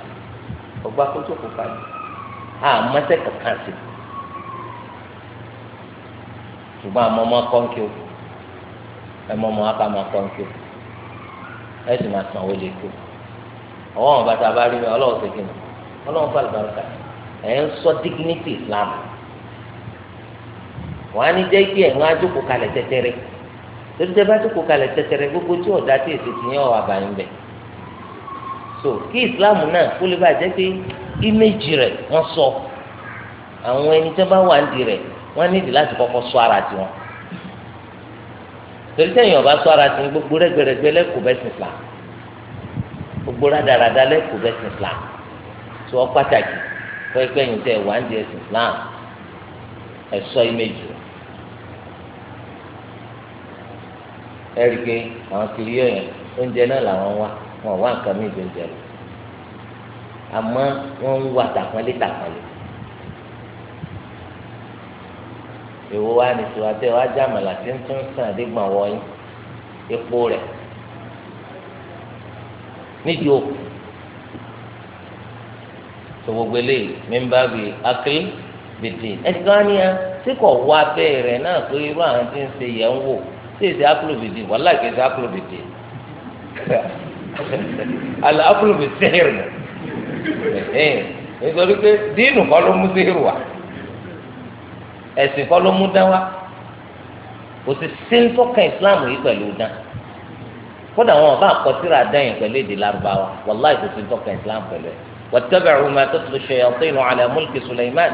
ọgbà kójó kò kalẹ̀ àmọ́tẹ́ kankan sí ṣùgbọ́n àmọ́ ọmọ kọ́ńkì mọ́ ọmọ kọ́ńkì sì máa ọwọ́ wọn bàtà bá rí mi ọlọ́wọ́ ṣe kíni ọlọ́wọ́ fà lùbáríkà ẹ̀ ń sọ dignity Islam wọ́n á ní jẹ́ kí ẹ̀wọ́n ajókòó kalẹ̀ tẹ́tẹ́rẹ́ torí tẹ́ bá jókòó kalẹ̀ tẹ́tẹ́rẹ́ gbogbo tí ọ̀dà tí èsì ti yẹn ọ̀ àbáyé bẹ̀ so kí Islam náà kó lè bàjẹ́ pé íméjì rẹ̀ wọ́n sọ àwọn ẹni tí wọ́n bá wà ń di rẹ̀ wọ́n nídìí láti kọ́kọ́ sọ ara tiwọn torí tẹ́yìn ọ̀bá sọ ara tiwọn gbogbo rẹ́gbẹ̀rẹ́gbẹ́ lẹ́kọ̀ọ́ bẹ́sìn gbogbo rádaràda lẹ́kọ̀ọ́ bẹ́sìn islam tí wọ́n pàtàkì pẹ́ẹ́pẹ́ yìí tẹ̀ wá ń di ẹ̀sìn islam ẹ̀sọ́ ìmẹ̀jù ẹ̀rí pé àwọn kìlíọ̀ yẹn oúnjẹ náà làwọn wá wọn wá nǹkan mí ìdóúnjẹ lọ àmọ́ wọ́n ń wà tàpọ́nlé tàpọ́nlé èwo wá ní tiwa tẹ́ wá jáàmù àti ń tún sàn dégbà wọ́ọ́yìn epo rẹ̀ nídìí òkú tó gbogbo eléyìí mímbà bíi akéré bèbè ẹsìkánìyà tí kò wá bẹ́ẹ̀rẹ̀ náà pé irú àwọn tí ń ṣe yẹn ń wò tí èsì akéré bèbè wàhálà ìkẹsì akéré bèbè àlà akéré bèbè sẹ́yìn rẹ̀ nítorí pé díìnù kọ́ ló mú sẹ́yìn wá ẹ̀sìn kọ́ ló mú dán wá kò sì sí ń tọ́ka ìsìláàmù yìí pẹ̀lú dán kódà wọn bá àkọsíra dáyìn pẹ̀lú èdè lárúbáwá wàláì kò sí tọ́ka islam pẹ̀lú ẹ̀ واتبعوا ما تتلو الشياطين على ملك سليمان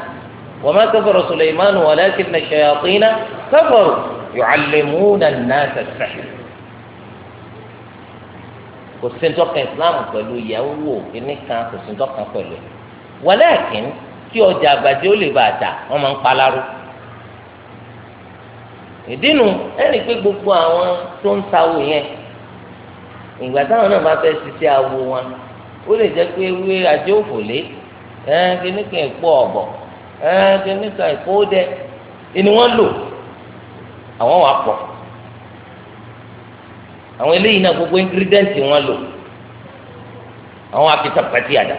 وما كفر سليمان ولكن الشياطين كفروا يعلمون الناس السحر kò sí tọ́ka islam pẹ̀lú ìyàwó kìíní kan kò sí tọ́ka pẹ̀lú ẹ̀ wàlẹ́kìn kí ọjà àgbàdì ó lè bàtà wọ́n máa ń paláró ìdínú ẹnì pé gbogbo àwọn tó ń sawó yẹn ìgbà táwọn náà bá fẹ́ ṣiṣẹ́ awo wọn ó lè jẹ́ pé ewé ajé òfòlé ẹ̀ẹ́n kíní kan ìpọ́ ọ̀bọ̀ ẹ̀ẹ́n kíní kan ìpọ́ òdẹ ni wọ́n lò àwọn wà pọ̀ àwọn eléyìí náà gbogbo ingredient wọn lò àwọn akitá pàtí àdá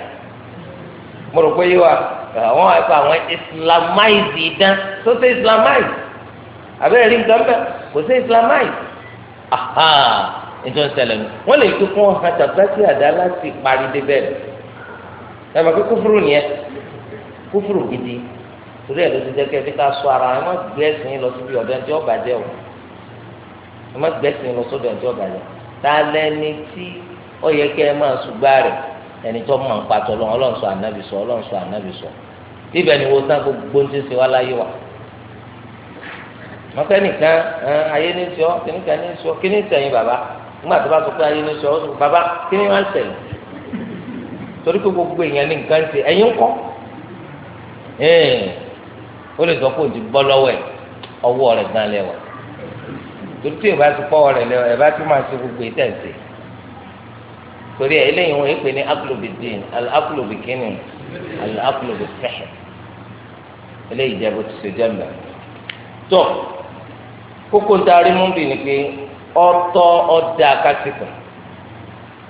mo rò pé yíwa àwọn ẹ̀ka àwọn islamize ìdán tó ṣe islamize àbẹ́rẹ́ rí nǹkan bẹ́ẹ̀ kò ṣe islamize aha nítorí ṣẹlẹ̀ nù wọ́n lè kí kún ọ̀hán tàbátì àdá láti parí dé bẹ́ẹ̀ ẹ̀ mọ̀ pé kúfúrú nìyẹn kúfúrú gidi torí ẹ̀ ló ti jẹ́ kí ẹ fi ká sọ ara ẹ má gbé ẹ̀sìn lọ síbi ọ̀dọ̀ ẹni tí ọba jẹ́ o ẹ má gbé ẹ̀sìn lọ sọ́dọ̀ ẹni tí ọba jẹ́ ta lẹni tí ó yẹ kí ẹ máa ṣùgbọ́n rẹ̀ ẹni tó máa ń patọ́ lọ́wọ́ ọlọ́run sọ ànábì sọ ọlọ́run sọ ànábì sọ ibẹ̀ ni wo sá gbogbo ń ti ṣe wá láyé wa mọ́kẹ́ ayé ní sọ kìnnìkan ní sọ kìnnìkan yín bàbá nígbà tó bá sọ pé ayé ní sọ ọsùn bàbá kí ni wọn ṣẹlẹ̀ torí pé gbogbo èèyàn ní nǹkan ṣe ẹ̀yin ń kọ́ ó lè sọ pé òun ti bọ́ lọ́wọ́ ẹ̀ ọwọ́ rẹ̀ gan lẹ́wà torí tí ìbá ti pọ́wọ́ rẹ̀ lẹ́wà ìbá ti máa ṣe gbogbo ìtẹ̀sẹ̀ torí ẹ̀ eléyìí wọn èpè ní akulobidin alakulobikini alakulobifẹ́hẹ̀ eléyìí jẹ́ bó ti ṣe jẹ́ mbẹ́ tó kókó ń darí mú bí ni pé ọtọ ọdẹ akásìkò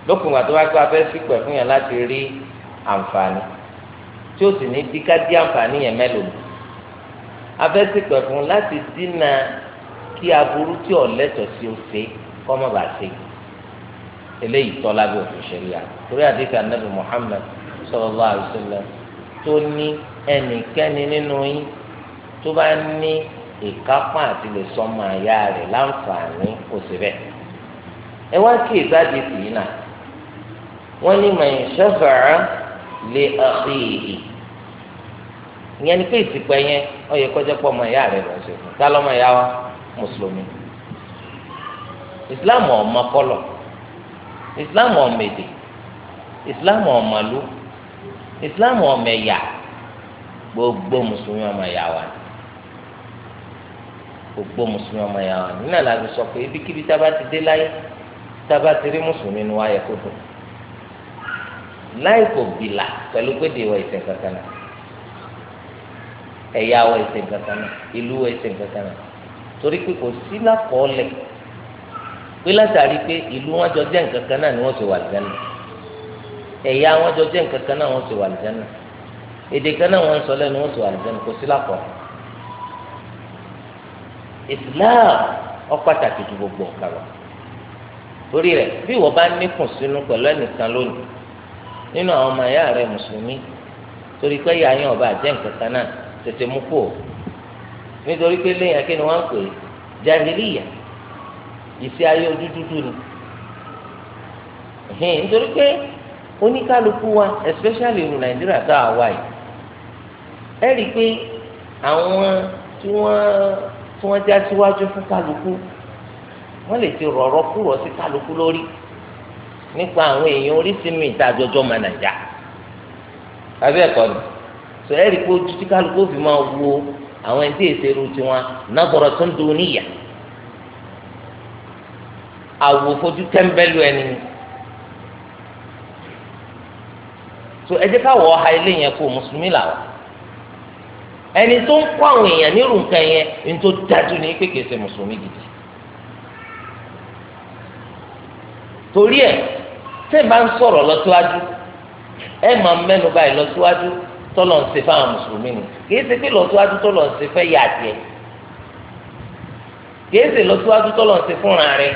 lókùn àti wáyé pé a fẹ́ sípò ẹ̀ fún yẹn láti rí àǹfààní tí ó sì ní díká dí àǹfààní yẹn mẹ́lòó a fẹ́ sípò ẹ̀ fún láti dínà kí aburú tí ò lẹ́tọ̀ọ́ sí o ṣe kọ́ mọ́ bàá ṣe eléyìí tọ́lá bí òfin ṣẹlẹ̀ à torí àdéhùn anábì Muhammad sallallahu alaihi wasallam tó ní ẹnikẹ́ni nínú yín tó bá ní ìkápá àti lè sọmọ àyà rẹ̀ láǹfààní òsè bẹ́ẹ̀. ẹ wá kí ìsáàdì sì yìí nà wọ́n ní mà ń ṣọ́fàá lè ọ̀hìn ìhì ìyẹn ni pé ìsìnkú ẹyẹ ọ yẹ kọjá pọ̀ ọmọ ìyá rẹ̀ lọ sí fún tá lọ́mọ ìyá wa mùsùlùmí islam ọmọ kọlọ islam ọmọ èdè islam ọmọ ìlú islam ọmọ ẹ̀yà gbogbo mùsùlùmí ọmọ ìyá wa ni gbogbo mùsùlùmí ọmọ yà wọn nínú àlàyé sọ pé ibikíbi tá a bá ti dé láyé tá a bá ti rí mùsùlùmí nu ayẹ kó dùn láì kò bìlà pẹ̀lú gbèdè wọ ìsìn kankan náà ẹ̀yà wọ ìsìn kankan náà ìlú wọ ìsìn kankan náà torí pé kò sí lákọọ́lẹ̀ pé látàrí pé ìlú wọn jọ jẹ́ nǹkan náà ni wọ́n ti wà lẹ́nu ẹ̀yà wọn jọ jẹ́ nǹkan kan náà wọ́n ti wà lẹ́nu èdè kan náà wọ́n sọ lẹ́nu wọ́n ti wà lẹ́nu kò sí lákọọ́lẹ̀. Islam ó pàtàkì ju gbogbo ọ̀kan lọ torí rẹ̀ bí wọ́n bá níkùn sínú pẹ̀lú ẹnìkan lónìí nínú àwọn ọmọ ẹ̀yà rẹ̀ mùsùlùmí torí pé ìyá yẹn ọba àjẹ́ nǹkan kan náà tètè mú kú o nítorí pé lẹ́yìn akẹ́ ni wọ́n ń pè é jahiliya ìṣe ayé ojú dúdú ni nítorí pé oníkálukú wa especially ìlú nàìjíríà tá a wà yìí ẹ rí i pé àwọn tí wọ́n tí wọ́n já síwájú fún kálukú wọ́n lè ti rọ̀rọ̀ kúrọ̀ sí kálukú lórí nípa àwọn èèyàn orísìmí ìtajọjọ́ máa nàjà abẹ́ ẹ̀kọ́ ni sọ ẹ́ rí i pé ojú tí kálukú fi máa wo àwọn ẹni tí èsè ru tiwọn nàbọ̀rọ̀ tó ń níyà àwò fojú tẹ́ńbẹ́lú ẹni ẹni tó ń kó àwọn èèyàn nírú nǹkan yẹn ní tó dájú ní pé kìí ṣe mùsùlùmí gidi torí ẹ tẹ́ ẹ bá ń sọ̀rọ̀ lọ síwájú ẹ máa mẹ́nu báyìí lọ síwájú tọ́lọ̀ ń ṣe fáwọn mùsùlùmí ni kìí ṣe pé lọ síwájú tọ́lọ̀ ń ṣe fẹ́ yà jẹ kìí ṣe lọ tọ́lọ̀ ń ṣe fúnra rẹ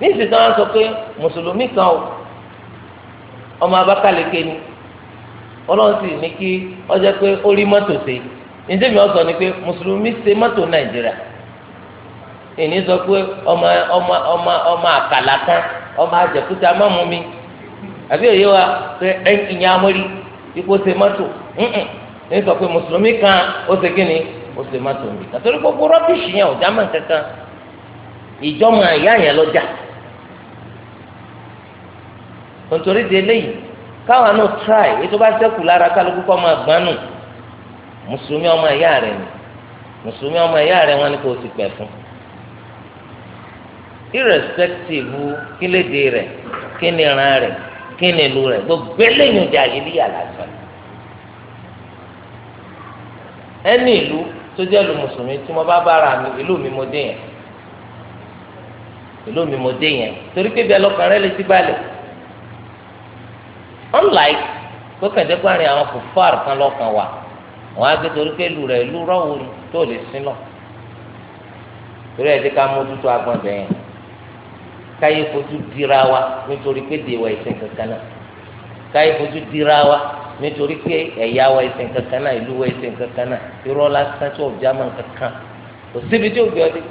níṣìṣẹ́ wọn sọ pé mùsùlùmí kan o ọmọ Abakaliki ni. ọlọ́run sì ní kí ọjọ́ pé ó rí mọ́tò ṣe nítorí wọn sọ ni pé mùsùlùmí ṣe mọ́tò nàìjíríà èyí sọ pé ọmọ ọmọ ọmọ ọmọ àkàlà kan ọmọ àjẹkúta mọ́mú mi àbí òye wa pé ẹ̀yìn amórí ipò ṣe mọ́tò èyí sọ pé kan ó ṣe kí ni ó gbogbo rọ́bìṣì yẹn kankan àyà yẹn lọ́jà nítorí di eléyìí káwọn náà try ètò bá sẹ́kù lára kálukú kọ́ máa gbanú mùsùlùmí ọmọ ẹ̀yà rẹ̀ ni mùsùlùmí ọmọ ẹ̀yà rẹ̀ wọn ni kò sì pẹ̀ fún irrespective kílédè rẹ̀ kíni ran rẹ̀ kíni ìlú rẹ̀ gbogbo eléyìí ọjà yìí líyà lásán ẹni ìlú tó jẹ́ lu mùsùlùmí tí mo bá bára mi ìlú mi mo dé yẹn ìlú mi mo dé yẹn torí pé bí ẹlọ́kàn rẹ̀ lè ti balẹ̀ unlike pé kẹ̀dẹ́gbà rìn àwọn kòfàr kan lọ́kàn wà wọ́n á gbé torí pé ìlú rẹ̀ ìlú rọ́wọ́ ni tó lè sin lọ. torí ẹ̀ ti ká mójútó agbọ̀n bẹ́ẹ̀ káyé fojú dira wa nítorí pé dèwà ìsìn kankan náà káyé fojú dira wa nítorí pé ẹ̀yà wa ìsìn kankan náà ìlú wa ìsìn kankan náà irọ́ lásán tí ọ̀bí kankan kò síbi tí òbí ọdẹ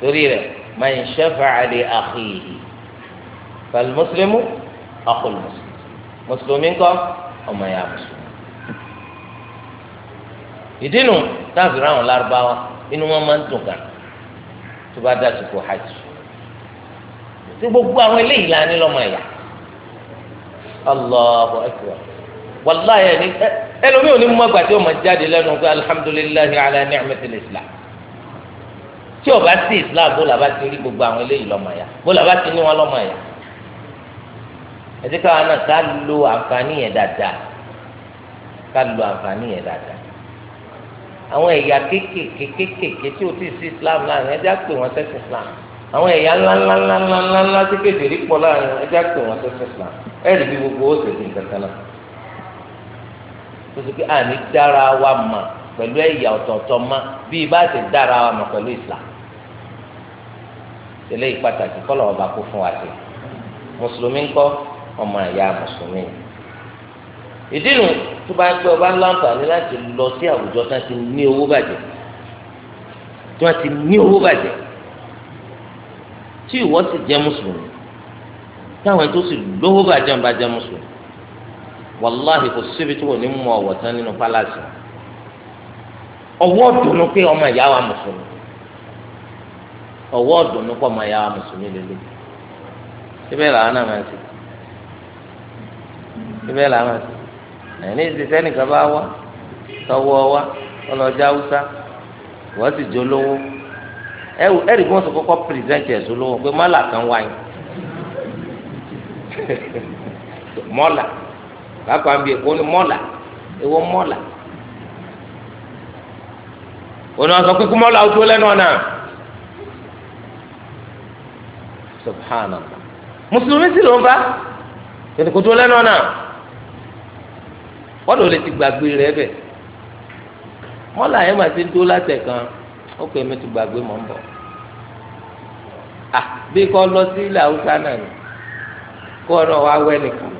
torí rẹ̀ máa ń ṣẹ́fà àlè àkìyè fal muslimu akhul muslim mùsùlùmí kọ́ ọmọ ya mùsùlùmí. ìdínú táàbì ráwọn lárúbáwá inú wọn máa ń dùn gan tó bá dá sùkú hajj tí gbogbo àwọn eléyìí la ní lọ́mọ ẹ̀yà Allahu akbar wàláyé ẹni ẹlòmíì ò ní mú àgbà tí ó máa jáde lẹ́nu pé alhamdulillahi ala ni'matil islam tí ó bá sí islam bó làbá ti rí gbogbo àwọn eléyìí lọ́mọ ẹ̀yà bó làbá ti ní wọn lọ́mọ ẹ̀yà ẹtí káwọn náà ká lo àǹfààní yẹn dáadáa ká lo àǹfààní yẹn dáadáa àwọn ẹ̀yà kéékèèké kéékèèké tí o ti sí islam láàrin ẹjá pè wọ́n sẹ́sìn islam àwọn ẹ̀yà ńláńláńláńláńlá tí kékeré pọ̀ láàrin ẹjá pè wọ́n sẹ́sìn islam ẹ̀rí bí gbogbo ó sì rìn kankan náà tuntun pé àní dára wa mà pẹ̀lú ẹ̀yà ọ̀tọ̀ọ̀tọ̀ mà bí ibà ti dára wa mà pẹ̀lú islam eléyìí pàtàkì kọ́ lọ́wọ́ bá kó fún wa sí mùsùlùmí ńkọ́ ọmọ ìyá mùsùlùmí ìdí nu tó bá gbé ọba láǹfààní láti lọ sí àwùjọ tí wọn ti ní owó bàjẹ́ tí wọn ti ní owó bàjẹ́ tí ìwọ sì jẹ́ mùsùlùmí táwọn tó sì lówó bàjẹ́ ń bá jẹ́ mùsùlùmí wàláhì kò síbi tí wọn ní mú ọwọ́ tán nínú pálásì ọwọ́ dùnú pé ọmọ ìyá wa mùsùlùmí ọwọ́ dùnú pé ọmọ ìyá wa mùsùlùmí lélẹ́yìn síbẹ̀ làwọn náà máa ń sèkì síbẹ̀ làwọn ẹ̀ ní ìsìsẹ́ nìkan bá wá tọwọ́ wá ọlọ́jà haúsá wọ́n sì jó lówó ẹ wò ẹ̀rì kí wọ́n sọ kọ́kọ́ pírẹsẹ̀ntì ẹ̀sùn lówó pé mọ́là kan wá yín [LAUGHS] mọ́là bákan àbí èkó ni mọ́là èwo mọ́là ònà sọ pé kú mọ́là ó lẹ́nu ọ̀nà subhanallah mùsùlùmí sì ló ń bá. tètè kó dúró lẹ́nu ọ̀nà lò lè ti gbàgbé rẹ̀ bẹ̀ mọ́là yẹn màá ti dúró kan ó pè mí ti gbàgbé mọ́ ń bọ̀ à bí kò lọ sí ilẹ̀ haúsá náà ni kó ọ̀nà wa wẹ́ nìkan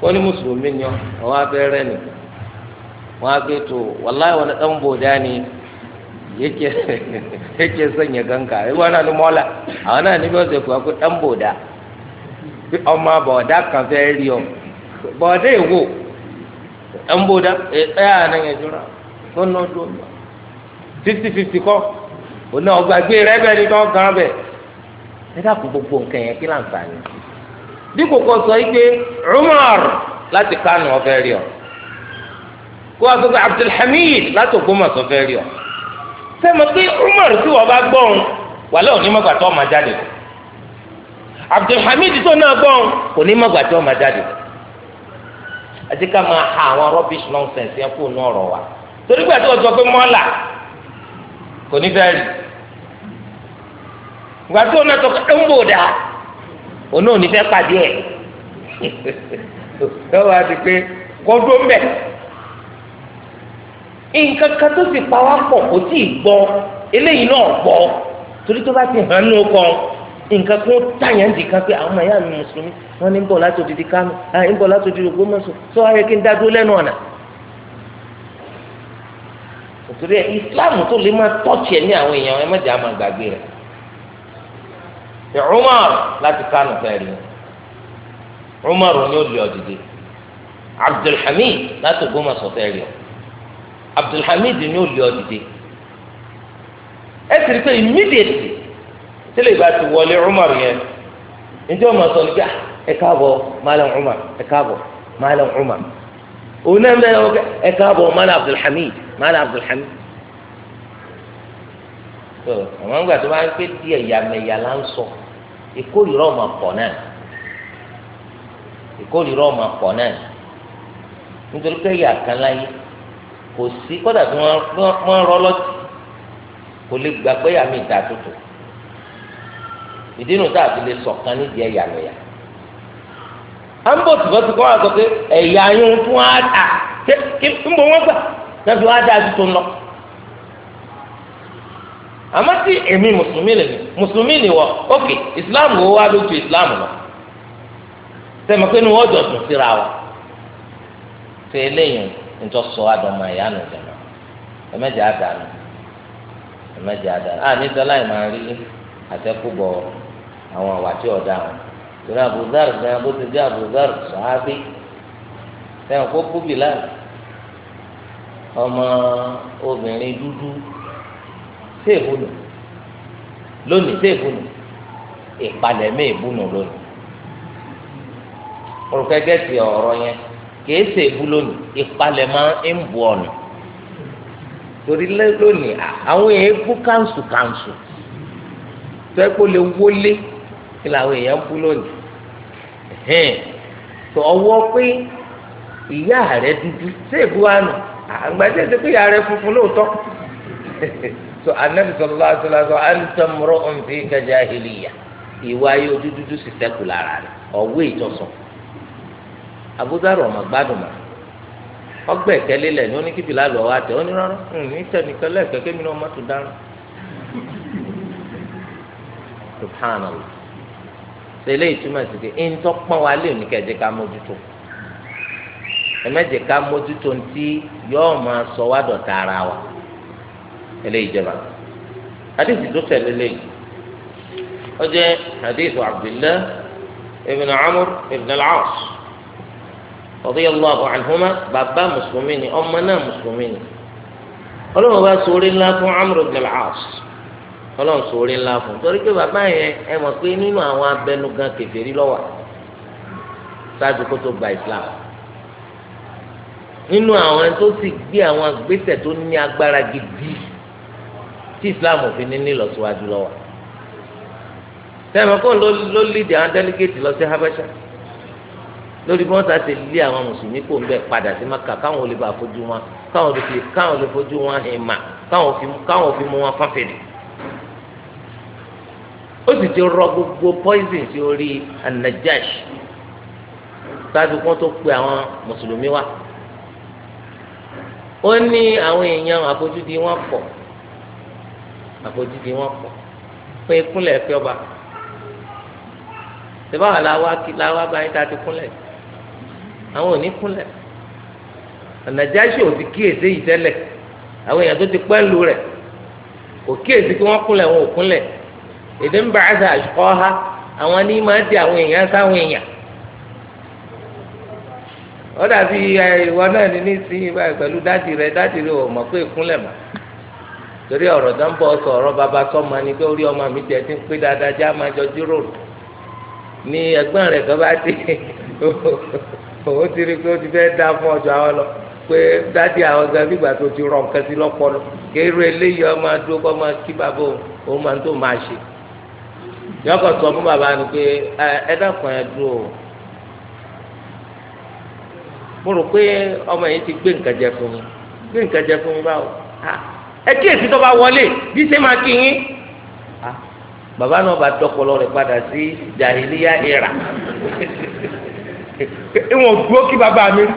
kó ní mùsùlùmí ni ọ̀ wá fẹ́ rẹ́ nìkan wọ́n á gbé tó wàláyé wọn náà ń bò dání yake yake sanya mola a wannan ne ba zai kuwa ku dan ọmọ bọ̀dá kan fẹ́ rí ọ bọ̀dá èwo ń bò dá ẹ ẹ ànáyẹn jura ó ná dúró lọ fifty fifty kọ́ òun náà ọgbàgbé rẹ bẹ́ẹ̀ ni tó gan bẹ́ẹ̀ ẹ dákun sọ yìí pé lati láti Kánò ó fẹ́ rí ọ kó wá sọ pé Abdulhamid Umar tí wọ́n bá gbọ́ wàlẹ́ òní mọ́gbà Abdulhamid tó náà gbọ́n kò ní mọ̀gbà tí wọ́n jáde àti ká máa ha àwọn rubbish nonsense yẹn kó ọ̀rọ̀ wa torí gbà tó sọ pé mọ́là kò ní fẹ́ rí gbà tó náà sọ ń bò dá òun náà ò ní fẹ́ pàdé ẹ̀ ẹ [LAUGHS] wá di pé nǹkan kan tó sì nǹkan pé ó tàyàn dì kan pé àwọn ọmọ ìyá mi mùsùlùmí wọn ní ń bọ̀ láti òdìdí kánú à ń bọ̀ láti òdìdí Ògbómọ̀ṣọ́ sọ wáyé kí n dá dúró lẹ́nu ọ̀nà. òtúrú ẹ ìsìláàmù tó lè máa tọ́ọ̀tì ẹ̀ ní àwọn èèyàn ẹ mọ̀jà máa gbàgbé rẹ̀. Umar láti kánú fẹ́ rí Umar ni ó lè ọ̀dìdí Abdulhamid láti Ògbómọ̀ṣọ́ fẹ́ rí Abdulhamid ni ó lè ọ̀dìdí immediately tílé ìgbà ti wọlé Umar yẹn ǹjẹ́ ọmọ sọ ní kí ah, ẹ káàbọ̀ Malam Umar ẹ káàbọ̀ Malam Umar òun náà bẹ́ẹ̀ ọkẹ ẹ káàbọ̀ Malam Abdulhamid Malam Abdulhamid tó àwọn àgbà tó máa ń pè díẹ̀ yàmẹ̀yà là ń sọ ìkórìíra ọmọ pọ̀ náà ìkórìíra ọmọ pọ̀ náà nítorí pé ẹ̀yà kan láyé kò sí kọ́dà tí wọ́n rọ́ lọ́tì kò lè gbà pé yàmi tuntun. ìdí tá a fi lè sọ̀kan nídìí ẹ̀yà lọ́yà à ń bọ̀ kọ́ àgọ́ pé ẹ̀yà dà kí n bọ̀ wọ́n gbà dà tó lọ. àmọ́ èmi mùsùlùmí lè mùsùlùmí ókè ìsìláàmù wo wá ló ju ìsìláàmù lọ sẹ́mi pé ni wọ́n jọ síra wa eléyìí àwọn àwà tí ọ̀dà wọn ìrìn abudar gan bó ti jẹ́ abudar sàábì sẹ́wọ̀n kó kú bilal ọmọ obìnrin dúdú séèfù nù lónìí séèfù nù ìpalẹ̀ méèbù nù lónìí olùkẹ́kẹ́ ti ọ̀rọ̀ yẹn kìí séèfù lónìí ìpalẹ̀ máa ń bu ọ̀nà torí lónìí àwọn èèbù kanṣu kanṣu tẹ́kọ̀ lè wọlé. kí làwọn èèyàn ń kú lónìí tó ọwọ́ pé ìyá rẹ dúdú séèbù àgbàdo pé ìyá rẹ funfun lóòótọ́ so anabi sọlá sọlá sọ àǹtọmọrọ ọmọdé ìwà yóò dúdú sì sẹkù lára rẹ ọwọ́ ìtọsán abudulayi ọmọ gbádùn mọ ọgbẹ ìkẹlẹ lẹ ní oníkìbìlà lọ wa tẹ onírọrọ ní tẹnìkan lẹkẹkẹ mi tẹlẹ ìtumọ̀ sí pé ń tọ́ pọ́n wa lé oníkẹ́jẹ́ ká mójútó ẹ̀mẹ́jẹ̀ ká mójútó ntí yọ́ọ́ máa sọ wá dọ̀tá ara wa tẹlẹ ìjọba hadith tó tẹ̀lé lẹ́yìn ó jẹ́ hadith abdullah ibn amur ibn al bàbá mùsùlùmí ni ọmọ náà mùsùlùmí ni bá sọ orí ńlá fún amur ibn al Ọlọ́run sóore ńlá fún un torí pé bàbá yẹn ẹ mọ̀ pé nínú àwọn abẹnugan kèfèrí lọ́wọ́ ṣáàjú kó tó gba Islam nínú àwọn ẹni tó sì gbé àwọn agbésẹ̀ tó ní agbára gidi tí Islam ò fi ní nílọsíwájú lọ́wọ́ sẹ́mi kó ló lédè àwọn délégéètì lọ sí Habẹ́ṣà lórí bí wọ́n sá ti lé àwọn mùsùlùmí kò ń bẹ padà sí Maka káwọn olè bá fojú wọn káwọn olè fojú wọn ìmà káwọn fi mú wọn fáfèrè ó sì ti rọ gbogbo poison sí orí anajash ṣáájú kó tó pe àwọn mùsùlùmí wá ó ní àwọn èèyàn àfojúdi wọn pọ̀ àfojúdi wọn pọ̀ pé kúnlẹ̀ fẹ́ ọba tẹ́báwá làwa báyìí tá a ti kúnlẹ̀ àwọn ò ní kúnlẹ̀ ànàjáṣe ò ti kíyèsí yìí tẹ́lẹ̀ àwọn èèyàn tó ti pẹ́ lu rẹ̀ kò kíyèsí kí wọ́n kúnlẹ̀ wọn ò kúnlẹ̀ èdè ń bá àṣà àṣùkọ́ ha àwọn ní máa di àwọn èèyàn sáwọn èèyàn ó dàbí ìwọ náà ní nísìnyí báyìí pẹ̀lú dáàdì rẹ dáàdì rẹ ò mọ̀ pé ìkúnlẹ̀ mọ́ torí ọ̀rọ̀ tó ń bọ̀ ọ̀rọ̀ bàbá sọ́mọ ni pé orí ọmọ mi tiẹ̀ ti ń pé dáadáa já máa jọ jíròrò ni ẹ̀gbọ́n rẹ̀ tó bá dé [LAUGHS] òun ti rí i pé ti lọ pé àwọn gan nígbà tó ti nǹkan sí kéré eléyìí ọmọ adúgbò kí bàbá òun máa tó yọkọ sọ fún bàbá ni pé ẹ dákun ẹ dúró mo rò pé ọmọ yìí ti gbé nǹkan jẹ fún mi gbé nǹkan jẹ fún mi báwo ẹ kíyèsí tó bá wọlé bí ṣe máa kí yín bàbá náà bá dọpọlọ rẹ padà sí jàhìlíyà ìrà [LAUGHS] ìwọ̀n dúró kí bàbá mi rí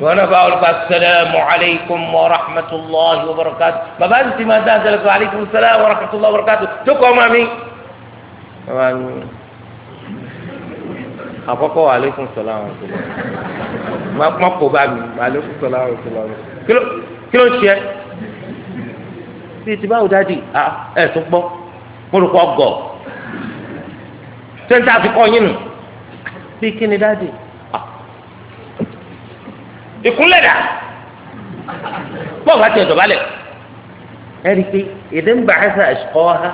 wọn náà bá wọn fà sẹlẹmù aleykum wa rahmatulahi wa barakatu bàbá ti ti máa dá sẹlẹ fún aleykum sẹlẹmù wa rahmatulahi wa barakatu tó kọ́ ọmọ mi. bàbá mi àkọ́kọ́ aleykum sẹlẹmù wa rahmatulahi má kó bá mi aleykum sẹlẹmù wa rahmatulahi kí ló ń ṣe ti báwo dáàdi ẹ tún gbọ́ mo rò pọ̀ gọ̀ ṣé fi kọ́ yín nù bíi kí ìkúnlẹ̀ dà bọ́ọ̀ bá tiẹ̀ dọ̀bálẹ̀ ẹ̀rí pé èdè ń bá ẹ̀sà ẹ̀ṣọ́ ha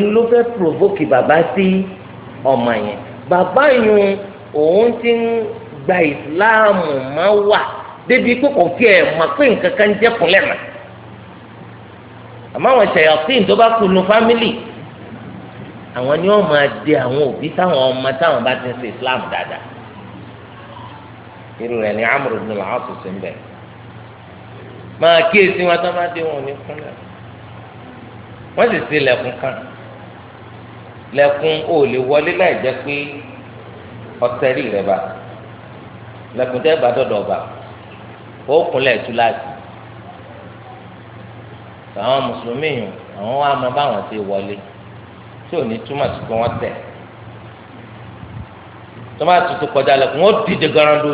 ń ló fẹ́ provoke bàbá sí ọmọ yẹn bàbá yẹn òun ti ń gba ìsìláàmù máa wà débi pé kò fi mọ̀ pé nǹkan kan jẹ́ kúnlẹ̀ mọ́ àmọ́ àwọn fámìlì àwọn ni wọ́n máa de àwọn òbí táwọn ọmọ táwọn islam dáadáa irú rẹ̀ ní amúrò ní làásù sí ń bẹ̀ máa kíyèsí wọn tó máa dé wọn ní kúnlẹ̀ wọ́n sì ṣe lẹ̀kùn kan lẹ̀kùn ò lè wọlé láì jẹ́ pé ọtẹ rí rẹ̀ bá lẹ̀kùn tẹ́ bá dọ̀dọ̀ bá ó kúnlẹ̀ túláàsì àwọn mùsùlùmí yìí àwọn wa máa bá wọn ti wọlé tí ò ní túmọ̀ sí pé wọ́n tẹ̀ tó máa kọjá lẹ̀kùn ó dìde garandó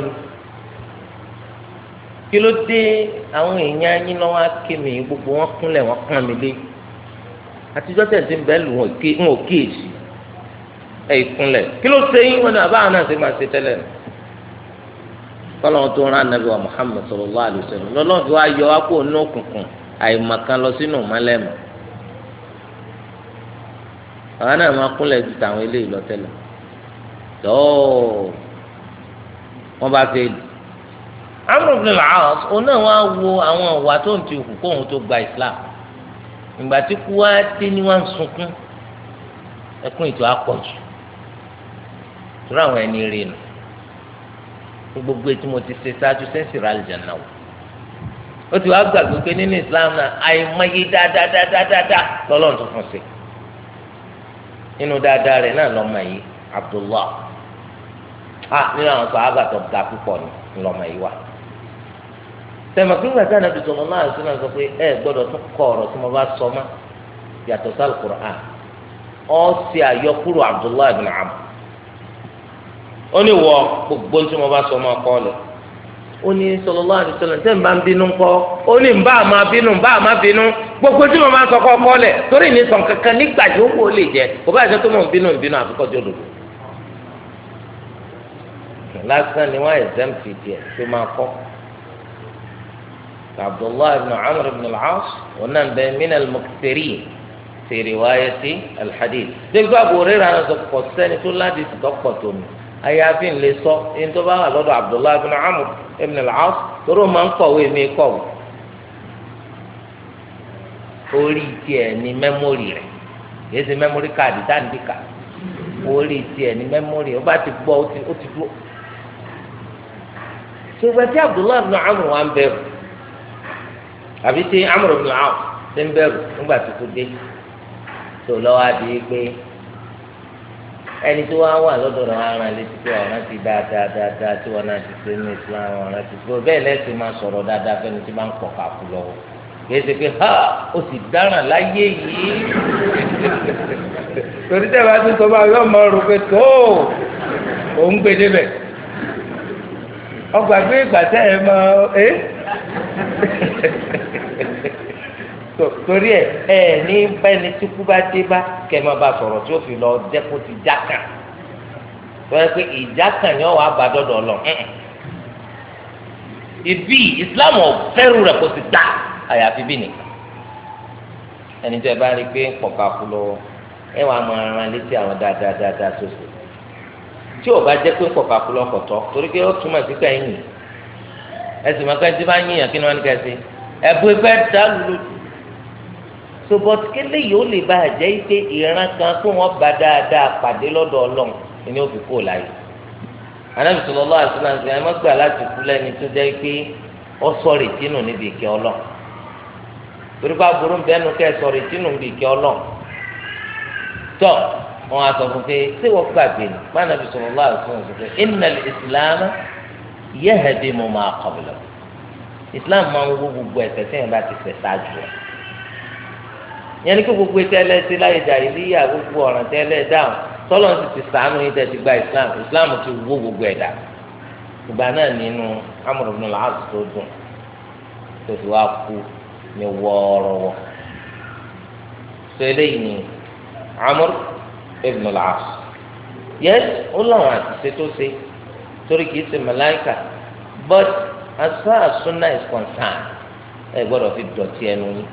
kí ló dé àwọn èèyàn yín lọ́wọ́ akémi gbogbo wọn kúnlẹ̀ wọn kàn mí lé àtijọ́ tẹ̀sí bẹ́ẹ̀ lù wọn ń ò kíyèsí ẹ̀ ìkúnlẹ̀ kí ló ṣe yín wọn ni àbá àná ṣe máa tẹ́lẹ̀ kọ́lọ́n tó rán anabi wa Muhammad sallallahu alaihi wasallam lọ́lọ́run tó wá yọ wákò ní òkùnkùn àìmọ̀kan lọ sínú mọ́lẹ́mọ̀ àwọn náà máa kúnlẹ̀ ju tàwọn eléyìí lọ tẹ́lẹ̀ tọ́ọ̀ wọ́n bá fẹ́ lù amúrò bin al-aas òun náà wá wo àwọn ìwà tó ń ti hù gba islam ìgbà tí kú wá dé ní wá ń sunkún ẹkún àpọ̀jù tó ẹni rí nu gbogbo etí mo ti ti wá islam náà àìmọye dáadáadáadáa lọ́lọ́run tó fún nínú dáadáa rẹ̀ náà lọ́mọ yìí ah nínú àwọn sọ àgbàtọ̀ ga púpọ̀ ni lọ́mọ sẹ́mi kí nígbà tí anabi sọ̀rọ̀ náà sí náà sọ pé ẹ gbọdọ tún kọ ọ̀rọ̀ tí mo bá sọ ọ àyọkúrò abdullahi bin abu ó ní wọ gbogbo tí mo bá sọ mọ́ kọ́ lẹ̀ ó ní sallallahu alaihi wasallam tẹ́ ń bá ń bínú kọ́ ó ní nbá gbogbo tí mo bá sọ kọ́ torí ní sàn kankan nígbà tí ó wò lè ni abdullahi ibn amr ibn al-as wọn náà bẹ mina al-mukthirin ti riwayati al-hadith dèbò àbúrò rẹ̀ náà sọ pọ̀ sẹ́ni tó láti tọ́pọ̀ tó mi ayáfi ń lè sọ ẹni tó bá wà lọ́dọ̀ abdullahi ibn amr ibn al-as tóró máa ń kọ̀wé mi kọ̀wé orí tiẹ̀ ní mẹ́mórì rẹ̀ yéé ṣe mẹ́mórì káàdì dáńdì káàdì orí tiẹ̀ ní mẹ́mórì ó bá ti gbọ́ ó ti dúró. ṣùgbọ́n tí abdullahi ibn amr wà ń bẹ̀rù àbí tí amúrò bìlà áwò ṣe ń bẹ̀rù nígbà tó kú dé tó lọ́wọ́ adé pé ẹni tó wá wà lọ́dọ̀ rẹ̀ ara létí pé ọ̀ràn ti dáadáa dáadáa tí wọn náà ti pé ní Islam ọ̀ràn ti pé bẹ́ẹ̀ lẹ́sìn máa sọ̀rọ̀ dáadáa fẹ́ni tí máa ń pọ̀ kàkú lọ́wọ́ kìí ṣe pé ha ó sì dáràn láyé yìí [LAUGHS] torí tẹ́ bá ti sọ bá yọ ọmọ rò pé tó òun gbé débẹ̀ ọgbà pé ìgbà tẹ́ ẹ máa ẹ́ torí ẹ ẹ ní bẹni tí kú bá dé bá kẹ máa bá sọ̀rọ̀ tí ó fi lọ jẹ kó ti jákàn tọ́yẹ pé ìjákàn yẹn wàá bá dọ́dọ̀ lọ ibi islam ọ̀fẹ́rù rẹ̀ kò sì dá àyàfi bí nìkan ẹni tí ẹ bá rí i pé pọ̀ka kú lọ́wọ́ ẹ wàá máa ran létí àwọn dáadáa dáadáa sóso tí ò bá jẹ́ pé pọ̀ka kú lọ́kọ̀ tọ́ torí pé ó túmọ̀ sí ká ẹ̀yìn ẹ sì máa ká ẹ bá yín yàn kí ni wọ́n ní ká ẹ ẹ bú ẹ fẹ́ dá lulú sobọt kele yìí ó lè bá a jẹ́ pé ìran kan kó wọn bá dáadáa pàdé lọ́dọ̀ ọlọ́run ni ó fi láyé anabi sallallahu alaihi wasallam ẹ má gbà láti kú lẹ́ni tó jẹ́ pé ọ sọ̀rọ̀ ìtinú níbi ìkẹ́ ọlọ́run torí bá burú bẹ́ẹ̀nu kẹ́ sọ̀rọ̀ ìtinú níbi ìkẹ́ ọlọ́run tọ́ wọn á fún pé ṣé wọ́n gbàgbé ni má anabi sallallahu alaihi wasallam sọ pé innal islam yahdimu ma qablahu islam máa ń wó gbogbo ẹ̀ṣẹ̀ tí bá ti ṣẹ̀ ṣáájú rẹ̀ yẹn ni kí gbogbo tẹ́lẹ̀ sí láyé jàhílíyà gbogbo ọ̀ràn tẹ́lẹ̀ dáhùn tọ́lọ̀ sì ti sàánú yín tẹ́tí gba islam islam ti wó gbogbo ẹ̀dá ìgbà náà nínú Amr ibn as tó dùn tó fi wá kú ní wọ́ọ́rọ́wọ́ so eléyìí ni Amr ibn as yẹn ó láwọn àtìsẹ́ tó ṣe torí kìí ṣe màláíkà but as far as sunnah is concerned ẹ gbọ́dọ̀ fi dọ̀tí ẹnu yín.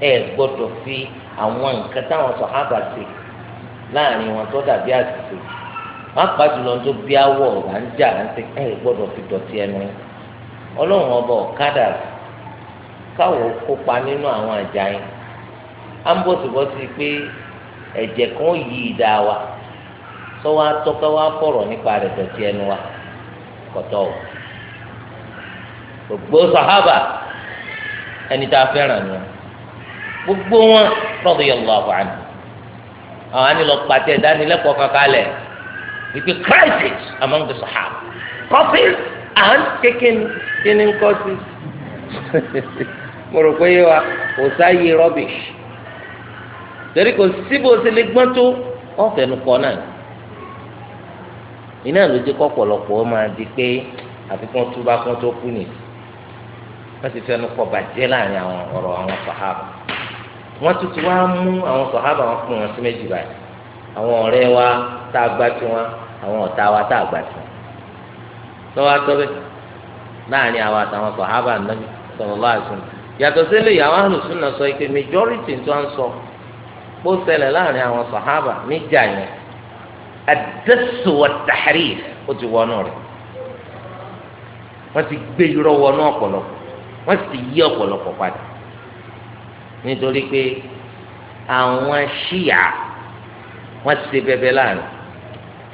ẹ gbọ́dọ̀ fi àwọn nǹkan táwọn sọ̀hábà laanị láàrin wọn tó dàbí àṣìṣe wọn pa jùlọ tó bí awọ là ń jà ẹ fi ẹnu ọba ọ̀kadà káwọ́ kópa nínú àwọn àjà yẹn á ń bọ̀sibọ́sí pé ẹ̀jẹ̀ kan yí ìdá wa sọ́wọ́ atọ́ka wa fọ̀rọ̀ nípa rẹ̀ dọ̀tí ẹnu wa kọ̀tọ́ gbogbo ẹni tá a fẹ́ràn ni gbogbo wọn radiyallahu anhu àwọn àni lọ pàtẹ ìdánilẹ́kọ̀ọ́ kankanlẹ̀ ìpè crisis among the Sahaba coffee and taking taking courses mo rò pé wa kò sáyé rubbish torí kò síbò sí lè gbọ́n tó wọ́n fẹnu kọ́ náà iná ló jẹ́ kọ́ pọ̀lọpọ̀ ó máa di pé àfikún túbá tó kú nìyí wọ́n ti fẹnu kọ́ bàjẹ́ láàrin àwọn ọ̀rọ̀ àwọn Sahaba. wọ́n tún wá mú àwọn wọn fún wọn sí méjì báyìí àwọn wa tá a gbá tiwọn àwọn ọ̀tá wa tá a gbá tiwọn lọ́wọ́ atọ́bẹ̀ láàrin àwọn àtàwọn sọ̀hábà nàbì sallallahu alaihi wasallam yàtọ̀ sílẹ̀ àlùsùn náà sọ pé majority tó ń sọ kó láàrin àwọn níjà yẹn ó ti wọnú ti gbé wọnú nítorí pé àwọn ṣíyà wọ́n ti bẹbẹ láàrin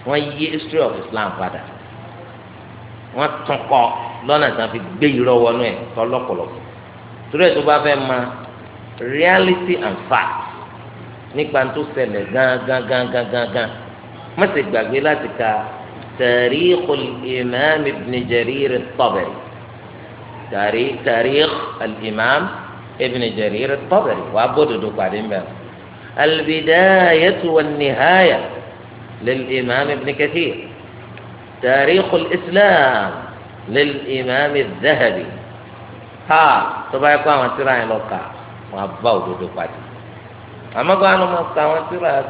wọ́n yí history of Islam padà wọ́n tún kọ́ lọ́nà tí wọ́n fi gbé irọ́ wọnú ẹ̀ tọ́ lọ́pọ̀lọpọ̀ torí ẹ̀ tó bá fẹ́ mọ̀ reality and fact nípa tó ṣẹlẹ̀ gángan gángan gángan má ṣe gbàgbé láti ka tarikhul imam ibn Jarir at-Tabari tarikhul imam. ابن جرير الطبري وعبده بعدين بقى البداية والنهاية للإمام ابن كثير تاريخ الإسلام للإمام الذهبي ها تبا يكون عن ترى لوكا وعبده بعدين أما قالوا ما كان ترى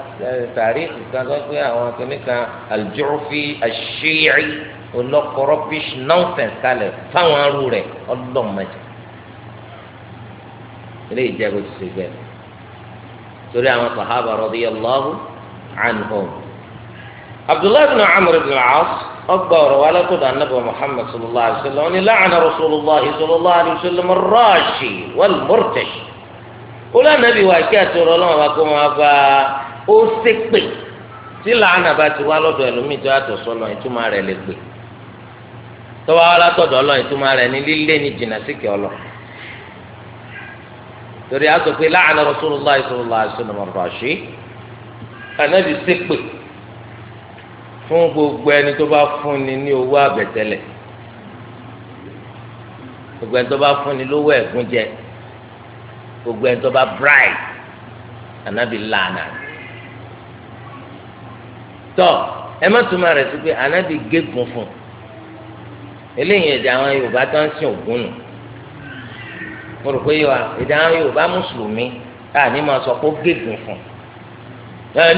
تاريخ كان يقول كان الجعفي الشيعي olọkọrọ bish nọnsẹns kalẹ̀ fáwọn arú rẹ̀ ọlọmọdé ilé ìjẹ́bù ti ṣe jẹ́ torí àwọn sàhábà radiyallahu anhum. abdullahi bin amr ibn al-as ọgbà ọ̀rọ̀ wa látọ̀dọ̀ anábọ̀ muhammad sallallahu alayhi wa sallam ní la'ana rasulillah sallallahu alayhi wa sallam ar-rashi wal murtashi. olóònàbí wa kí àtúrọ̀ ọlọ́run wa kó máa bá ó ṣépè tí làánà bá ti wá lọ́dọ̀ ẹlòmíì tó yàtọ̀ sọ́nà ìtumọ̀ rẹ̀ lè pè tọ́wọ́ alátọ̀dọ̀ ọlọ́run ìtumọ̀ rẹ̀ ní lílé ní jìnnà síkẹ́ ọlọ́run torí a sọ pé láàánú rasulillah sallallahu alaihi wasallam rashid anabi ṣépè fún gbogbo ẹni tó bá fúnni ní owó àbẹ̀tẹ́lẹ̀ gbogbo ẹni tó bá fúnni lówó ẹ̀gúnjẹ gbogbo ẹni tó bá bright anabi lànà tọ ẹ má túmọ̀ rẹ̀ sí pé anabi gégùn fún eléyìí ẹ̀dẹ̀ àwọn yorùbá tó ń sin ògún nù mo rò pé wa èdè àwọn yorùbá mùsùlùmí táà ní máa sọ pé ó gègùn fún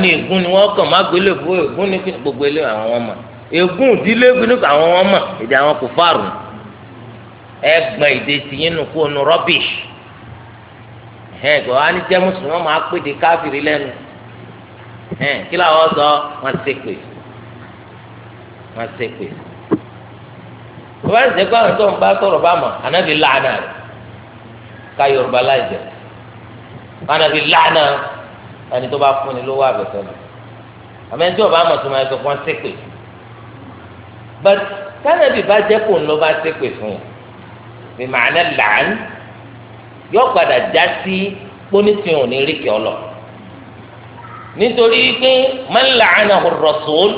ní ègún ni wọ́n kàn má gbélé fún ègún ní gbogbo ilé àwọn wọn mọ̀ ègún ìdílé gbinú àwọn wọn mọ̀ èdè àwọn kò fárùn ẹ gbọ́n èdè tìyín nù kó nu rubbish ẹ̀hìn gbọ́n wá ní jẹ́ mùsùlùmí máa pè dé káfíìrì lẹ́nu ẹ̀hìn kí làwọn sọ wọn ti pè wọn ti pè wọ́n ti sẹ́kọ̀ọ́ àwọn tó ń bá sọ̀rọ̀ bá mọ̀ ànábì láàánà rẹ̀ ká yorùbá láì jẹ mánàbí lánà ẹni tó bá fún ni ló wà bẹ̀tẹ̀ lọ àmẹ́ńtí ọba àmọ̀túnmọ̀ ẹ̀ sọ fún ọ́n ṣépè but tánàbí bá jẹ́ kó ń lọ bá ṣépè fún yẹn bí màánà làn yọ padà já sí pónítìhùn ní ríkì ọlọ nítorí pé man la'anahu ar-rasul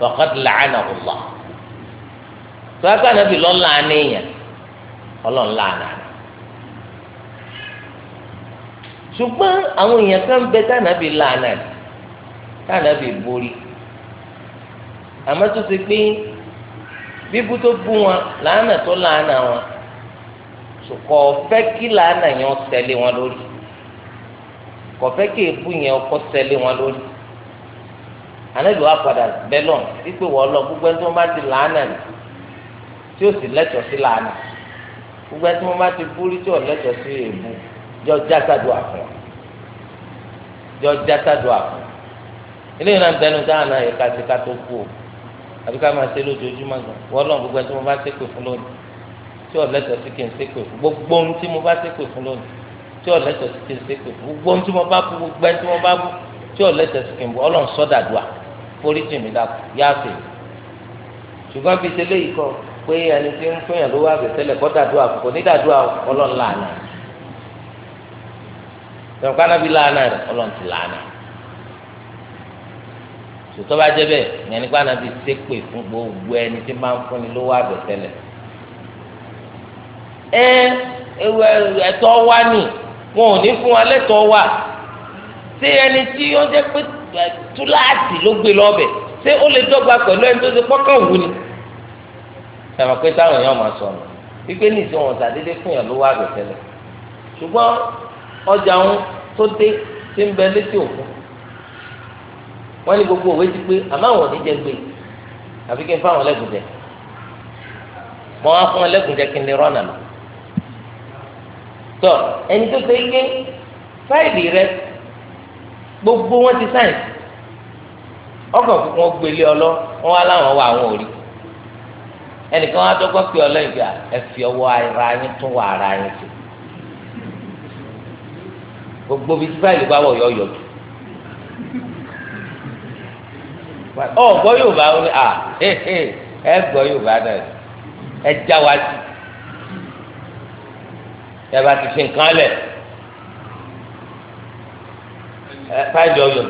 faqad la'anahu Allah tó a ká nàbí lọ́ọ́ lànà èèyàn ọlọ́ọ̀ lànà ṣùgbọ́n àwọn èèyàn kan bẹ tànàbí lànà tànàbí borí àmọ́ tó ti pín bíbú tó bú wọn làánà tó làánà wọn kò fẹ́ kí làánà yẹn ṣẹlẹ̀ wọn lórí kò fẹ́ kí èébú yẹn kó ṣẹlẹ̀ wọn lórí ànábì wa padà bẹ́lọ̀ wípé wọ́n lọ gbogbo ẹni tí wọ́n bá ti làánà rẹ̀ tí ó sì lẹ́tọ̀ọ́ sí làánà gbogbo ẹni tí wọ́n bá ti búrí tí ò lẹ́tọ̀ọ́ sí èébú jọ jásádù àfún jọ jásádù àfún eléyìí náà bẹnu dáhùn náà yẹka sí ká tó kú o àbí ká máa ṣe lójoojúmọ́ gan wọ́n lọ́n gbogbo ẹni tí mo bá ṣépè fún lónìí tí ò lẹ́tọ̀ọ́ sí kí n ṣépè fún gbogbo ohun tí mo bá ṣépè fún lónìí tí ò lẹ́tọ̀ọ́ sí kí n ṣépè fún gbogbo ohun tí mo bá bú gbogbo ẹni tí mo bá bú tí ò sí kí n bú ọlọ́run sọ́dàdùà forí jì mí dàkú yáàfẹ́ ṣùgbọ́n fi ṣe léyìí kọ pé ẹni tí ń fún yàn lówó àbẹ̀tẹ́lẹ̀ tẹ̀wọ́n kánábì lánà rẹ̀ ọlọ́run ti lánà sòtọ́ bá jẹ́ bẹ́ẹ̀ ìyẹn nípa ànábì ṣépè fún gbogbo ẹni tí máa ń fúnni lówó àbẹ̀tẹ́lẹ̀ ẹ ewé ẹ̀tọ́ wa ni wọn ò ní fún wa lẹ́tọ́ wa ṣé ẹni tí ó jẹ́ pé túláàsì ló gbé lọ́bẹ̀ ṣé ó lè dọ́gba pẹ̀lú ẹni tó ṣe pọ́kàn wù ni sàmà pé táwọn èèyàn máa sọ̀rọ̀ wípé nìṣẹ́ wọn ṣàdédé fún yàn lówó àbẹ̀tẹ́lẹ̀ ṣùgbọ́n ọjà ń tó dé tí ń bẹ létí òkun ní gbogbo òwe ti pé àmọ́ àwọn òní jẹ gbé àfi kí n fáwọn lẹ́gùn jẹ mọ wá fún jẹ kí n lè lọ. tọ ẹni tó ṣe gbé fáìlì gbogbo wọn ti fún ọlọ wọn wá láwọn wá àwọn òrí ẹnìkan wá pé bíi ẹ ara yín tún ara gbogbo bíi fáìlì bá wọ̀ yọ yọ tù ọ gbọ́ yorùbá ó ní à ẹ gbọ́ yorùbá náà ẹ já wa sí ẹ bá ti fi nǹkan lẹ̀ fáìlì ọyọ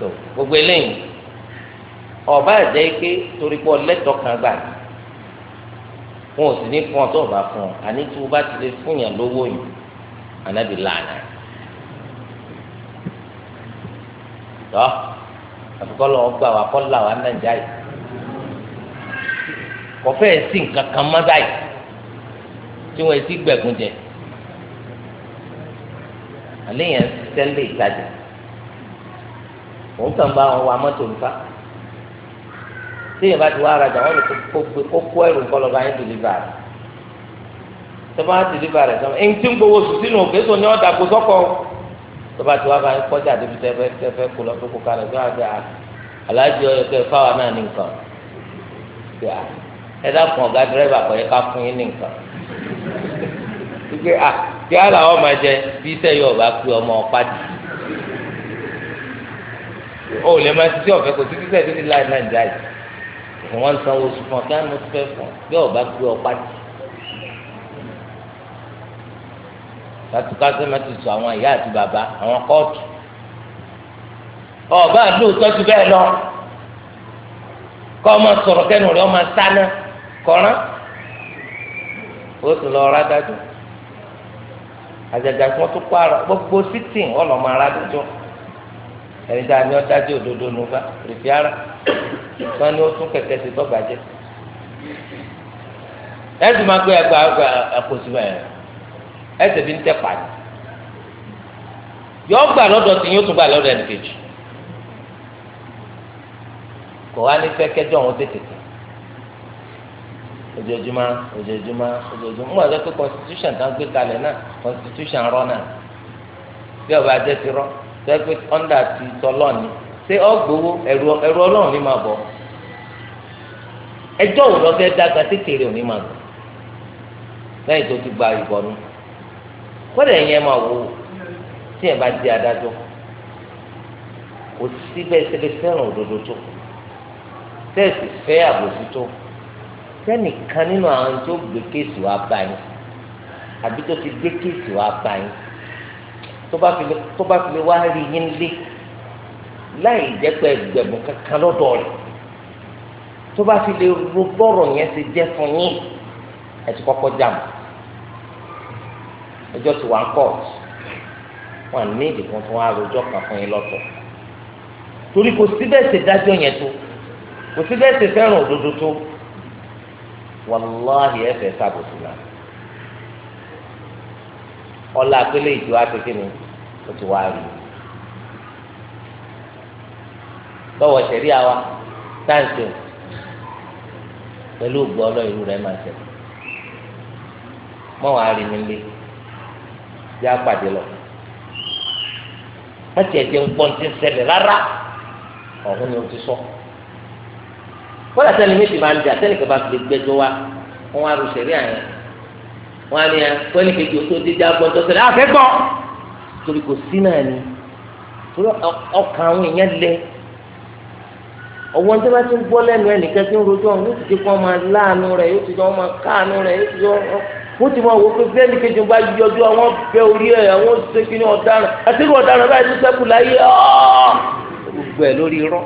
tó gbogbo eléyìí ọba ẹ̀jẹ̀ ike torí pé ọlẹ́tọ̀ kan gbà wọn ò sì ní fún ọ tó ọba fún ọ àní tí wọn bá ti lè fún yàn lówó yìí anabi lànà tọ́ àfikọ́ lọ́wọ́ gbà wá kọ́ là wá nàìjíríà yìí kọfẹ́ sí nǹkan kan má báyìí tí wọ́n ti gbẹ̀gùn jẹ àlẹ́ yẹn tẹ́lẹ̀ ìtajà òun kàn bá wọn wá mọ́tò nípa tí yẹn bá ti wá arajà wọn lè kó ẹrù ńkọ́ lọ́ba yẹn dùn nípa rẹ̀ tọ́ba ti rí ba rẹ̀ sọ́mọ́ ẹni tí ń gbowó sùn sínú òkè sọ ni ọ́ dàgbò sọ́kọ̀ tọ́ba ti wá bá yín kọjá débi tẹ́fẹ́ tẹ́fẹ́ kó lọ fún kókà rẹ̀ bí wọ́n á gbé aláàjì ọ̀yọ́ kẹ́ fáwọn náà ní nǹkan ẹ dákun ọ̀gá dírẹ́bà kọ́ yẹ ká fún yín ní nǹkan wípé à kí á làwọn máa jẹ bí iṣẹ́ yóò bá pé ọmọ ọ̀pá jù ó lè máa ṣiṣẹ́ ọ̀fẹ́ kò sí títẹ̀ títí láì náà jáde wọ́n sanwó sùn kí á mú fẹ́ fún ọ bí ọ̀bá pé ọ̀pá jù láti kásẹ̀ máa ti sọ àwọn ìyá àti bàbá àwọn kóòtù ọba àdóòtọ́ ti bẹ́ẹ̀ lọ kọ́ ọmọ sọ̀rọ̀ kẹ́nu rẹ̀ ọmọ sáná kọ́rán ó sì lọ ra dájú àjàgà kan tó kó ara gbogbo sítìn ọlọ́mọ ara dájọ́ ẹni tá a ní ọdájú òdodo ló bá rìfì ara wọn ni ó tún kẹ̀kẹ́ sí tọ́gbàjẹ́ ẹ̀sùn máa gbé ẹgbàá àkóso báyìí ẹsẹ̀ fi ń tẹ̀ pàdé yọ gbà lọ́dọ̀ tí yóò tún gbà lọ́dọ̀ ẹnì kejì kò wá ní fẹ́ kẹjọ òun tètè tẹ̀ ojoojúmọ́ ojoojúmọ́ ojoojúmọ́ mo àjọpọ̀ constitution tán gbé kalẹ̀ náà constitution rọ náà bí ọba jẹ́ ti rọ tẹ́ pé ọ́ndà ti tọ́lọ́ ni ṣé ọgbowó ẹ̀rù ọlọ́run ní máa bọ̀ ẹjọ́ òun lọ́fẹ́ dága tètè rẹ̀ òní máa bọ̀ lẹ́yìn tó ti gba ìbọnú kódà ẹ̀yẹ máa wò ó tí ẹ̀ bá di adájọ́ kò sí bẹ́ẹ̀ ṣẹlẹ̀ fẹ́ràn òdodo tó tẹ́ẹ̀sì fẹ́ àbòsí tó sẹ́nìkan nínú àwọn tó gbé kéèsì wá bá yín àbí tó ti gbé kéèsì wá bá yín tó bá fi lè wá rí yín lé láì jẹ́ pé ẹgbẹ̀rún kankan lọ́dọ̀ rẹ̀ tó bá fi lè ro bọ́rọ̀ yẹn ti jẹ́ fún yín ẹ̀ ti kọ́kọ́ jà mọ́ ẹjọ́ ti wà ń kọ́ wọn ní ìdìbò tó wá rojọ́ kan fún yín lọ́tọ̀ torí kò síbẹ̀ ṣe dájọ́ yẹn tó kò síbẹ̀ ṣe fẹ́ràn òdodo tó wàláhì ẹ̀fẹ̀ sábòsí náà ọlá àpẹẹlẹ ìjọ àtẹkẹ ni ó ti wá rí lọ́wọ́ ṣẹ̀rí àwa táǹtì pẹ̀lú ògbọ́ ọlọ́ọ̀lù rẹ̀ máa ṣẹlẹ̀ mọ́ wàá rí mi lé. Ya àpàdé lọ wọ́n tiẹ̀ jẹ́ nǹkan tí ń ṣẹlẹ̀ rárá ọ̀hún ni o ti sọ kọ́lá sẹ́ni méjì máa ń jà sẹ́ni kẹfà fi gbẹjọ wa wọ́n wá rúṣẹ̀ rí àyàn wọ́n á ní ẹ pẹ́ẹ́nì kejì o tó dídá gbọ́dọ̀ sẹ́ni àfẹ́ gbọ́ torí kò sí náà ni torí ọkàn àwọn èèyàn lẹ ọwọ́ ní bá ti ń gbọ́ lẹ́nu ẹnìkan tí ń rojọ́ yóò ti di kó máa láàánú rẹ̀ yóò ti di kó máa káàánú rẹ̀ yóò ti di kó wọ́n ti mọ̀ wò pé bẹ́ẹ̀ni kejì bá yọjú àwọn bẹ́ orí ẹ̀ àwọn ṣe kí ni ọ̀daràn àti irú ọ̀daràn báyìí tó sẹ́kù láyé ọ́ gbogbo ẹ̀ lórí irọ́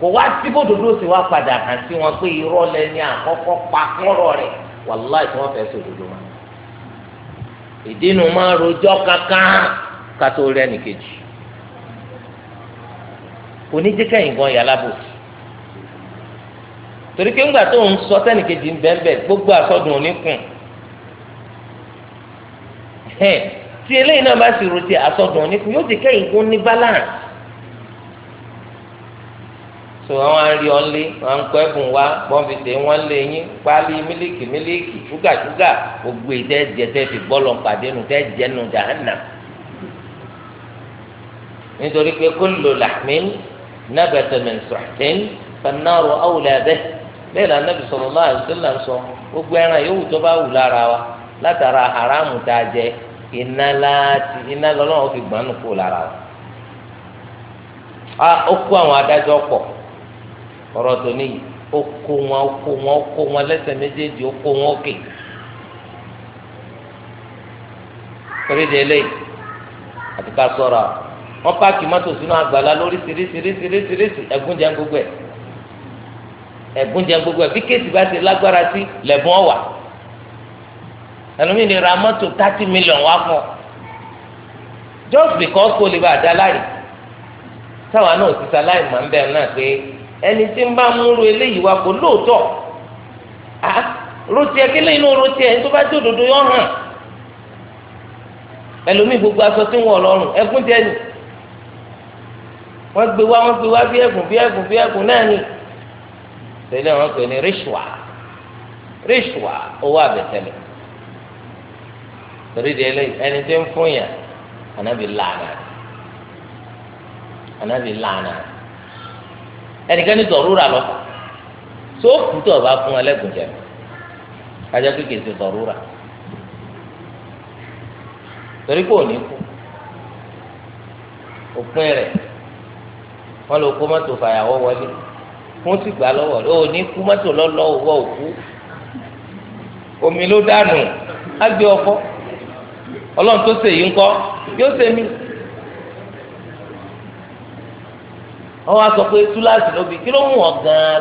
kò wá tí kò dòdò sí wá padà hàn sí wọn pé irọ́ lẹni àkọ́kọ́ pa kọ́rọ̀ rẹ̀ wàláì tí wọ́n fẹ́ sọ òdodo wọn. ìdínú máa rojọ́ kankan kátó rẹ́ni kejì oníjẹ́kẹ́yìn gan yàrá bòsí torí pé ńgbà tó ń sọ sẹ́nìkejì ń bẹ́ẹ̀ gbogbo àsọdùn òní kùn tí eléyìí náà bá sì rò ti àsọdùn òní kùn yóò ti kẹ́yìn gún ní balance so wọn á rí ọ́n lé wọn á kọ́ ẹ̀bùn wá bọ́ǹfì tẹ̀ wọ́n lé yín páálí mílíkì mílíkì ṣúgà ṣúgà gbogbo ìtẹ́ jẹ tẹ́ fi bọ́ọ̀lù pàdé nu tẹ́ jẹ nu jahannam nítorí pé kullu lahmin nabata min suhtin fan naru awla bihi. bẹ́ẹ̀ nabi anabi sallallahu alaihi wasallam sọ gbogbo ẹran yòówù tó bá wù lára wa látara haramu tá a jẹ iná láti iná lọ́lọ́run fi gbọ́n nù kúrò lára wa. a ó kó àwọn adájọ́ pọ̀ ọ̀rọ̀ tó níyì ó kó wọn ó kó wọn ó kó wọn lẹ́sẹ̀ méjèèjì ó wọn òkè. torí eléyìí àti ká sọ̀rọ̀ wọn mọ́tò sínú ẹ̀gúnjẹ gbogbo ẹ̀. ẹ̀gbọ́n gbogbo ẹ̀ bí kéèsì bá ti lágbára sí lẹ́bùn ọ̀wà ẹlòmíì ra thirty million wá fún ọ just because kò lè bá àdá láyè táwa náà ti sáláì máa ń bẹ̀rẹ̀ náà pé ẹni tí ń bá múru eléyìí wá kó rotí ẹ kílẹ̀ inú rotí ẹ tó bá tó gbogbo aṣọ tí ń wọ̀ lọ́rùn ẹkún jẹ́ nì gbé wá tẹ́lẹ̀ wọ́n pè ní rishwa rishwa owó àbẹ̀tẹ́lẹ̀ torí di ẹlẹ́yìn ẹni tí ń fún yàn ànábì lànà ànábì lànà ẹnìkan ní dọ̀rúra lọ tó kù tó bá fún ẹlẹ́gùn jẹ kájá kékeré ti dọ̀rúra torí kò ní kú òpin rẹ̀ wọ́n lọ kó mọ́tò fàyàwọ́ wọlé. wọ́n sì gbà lọ́wọ́ rẹ̀ ní kú mọ́tò òwò òkú omi ló dànù á ọkọ ọlọ́run tó ṣe yìí ńkọ́ yóò ṣe mí. wọ́n wá sọ pé túláàsì ló bí kí ló mú wọn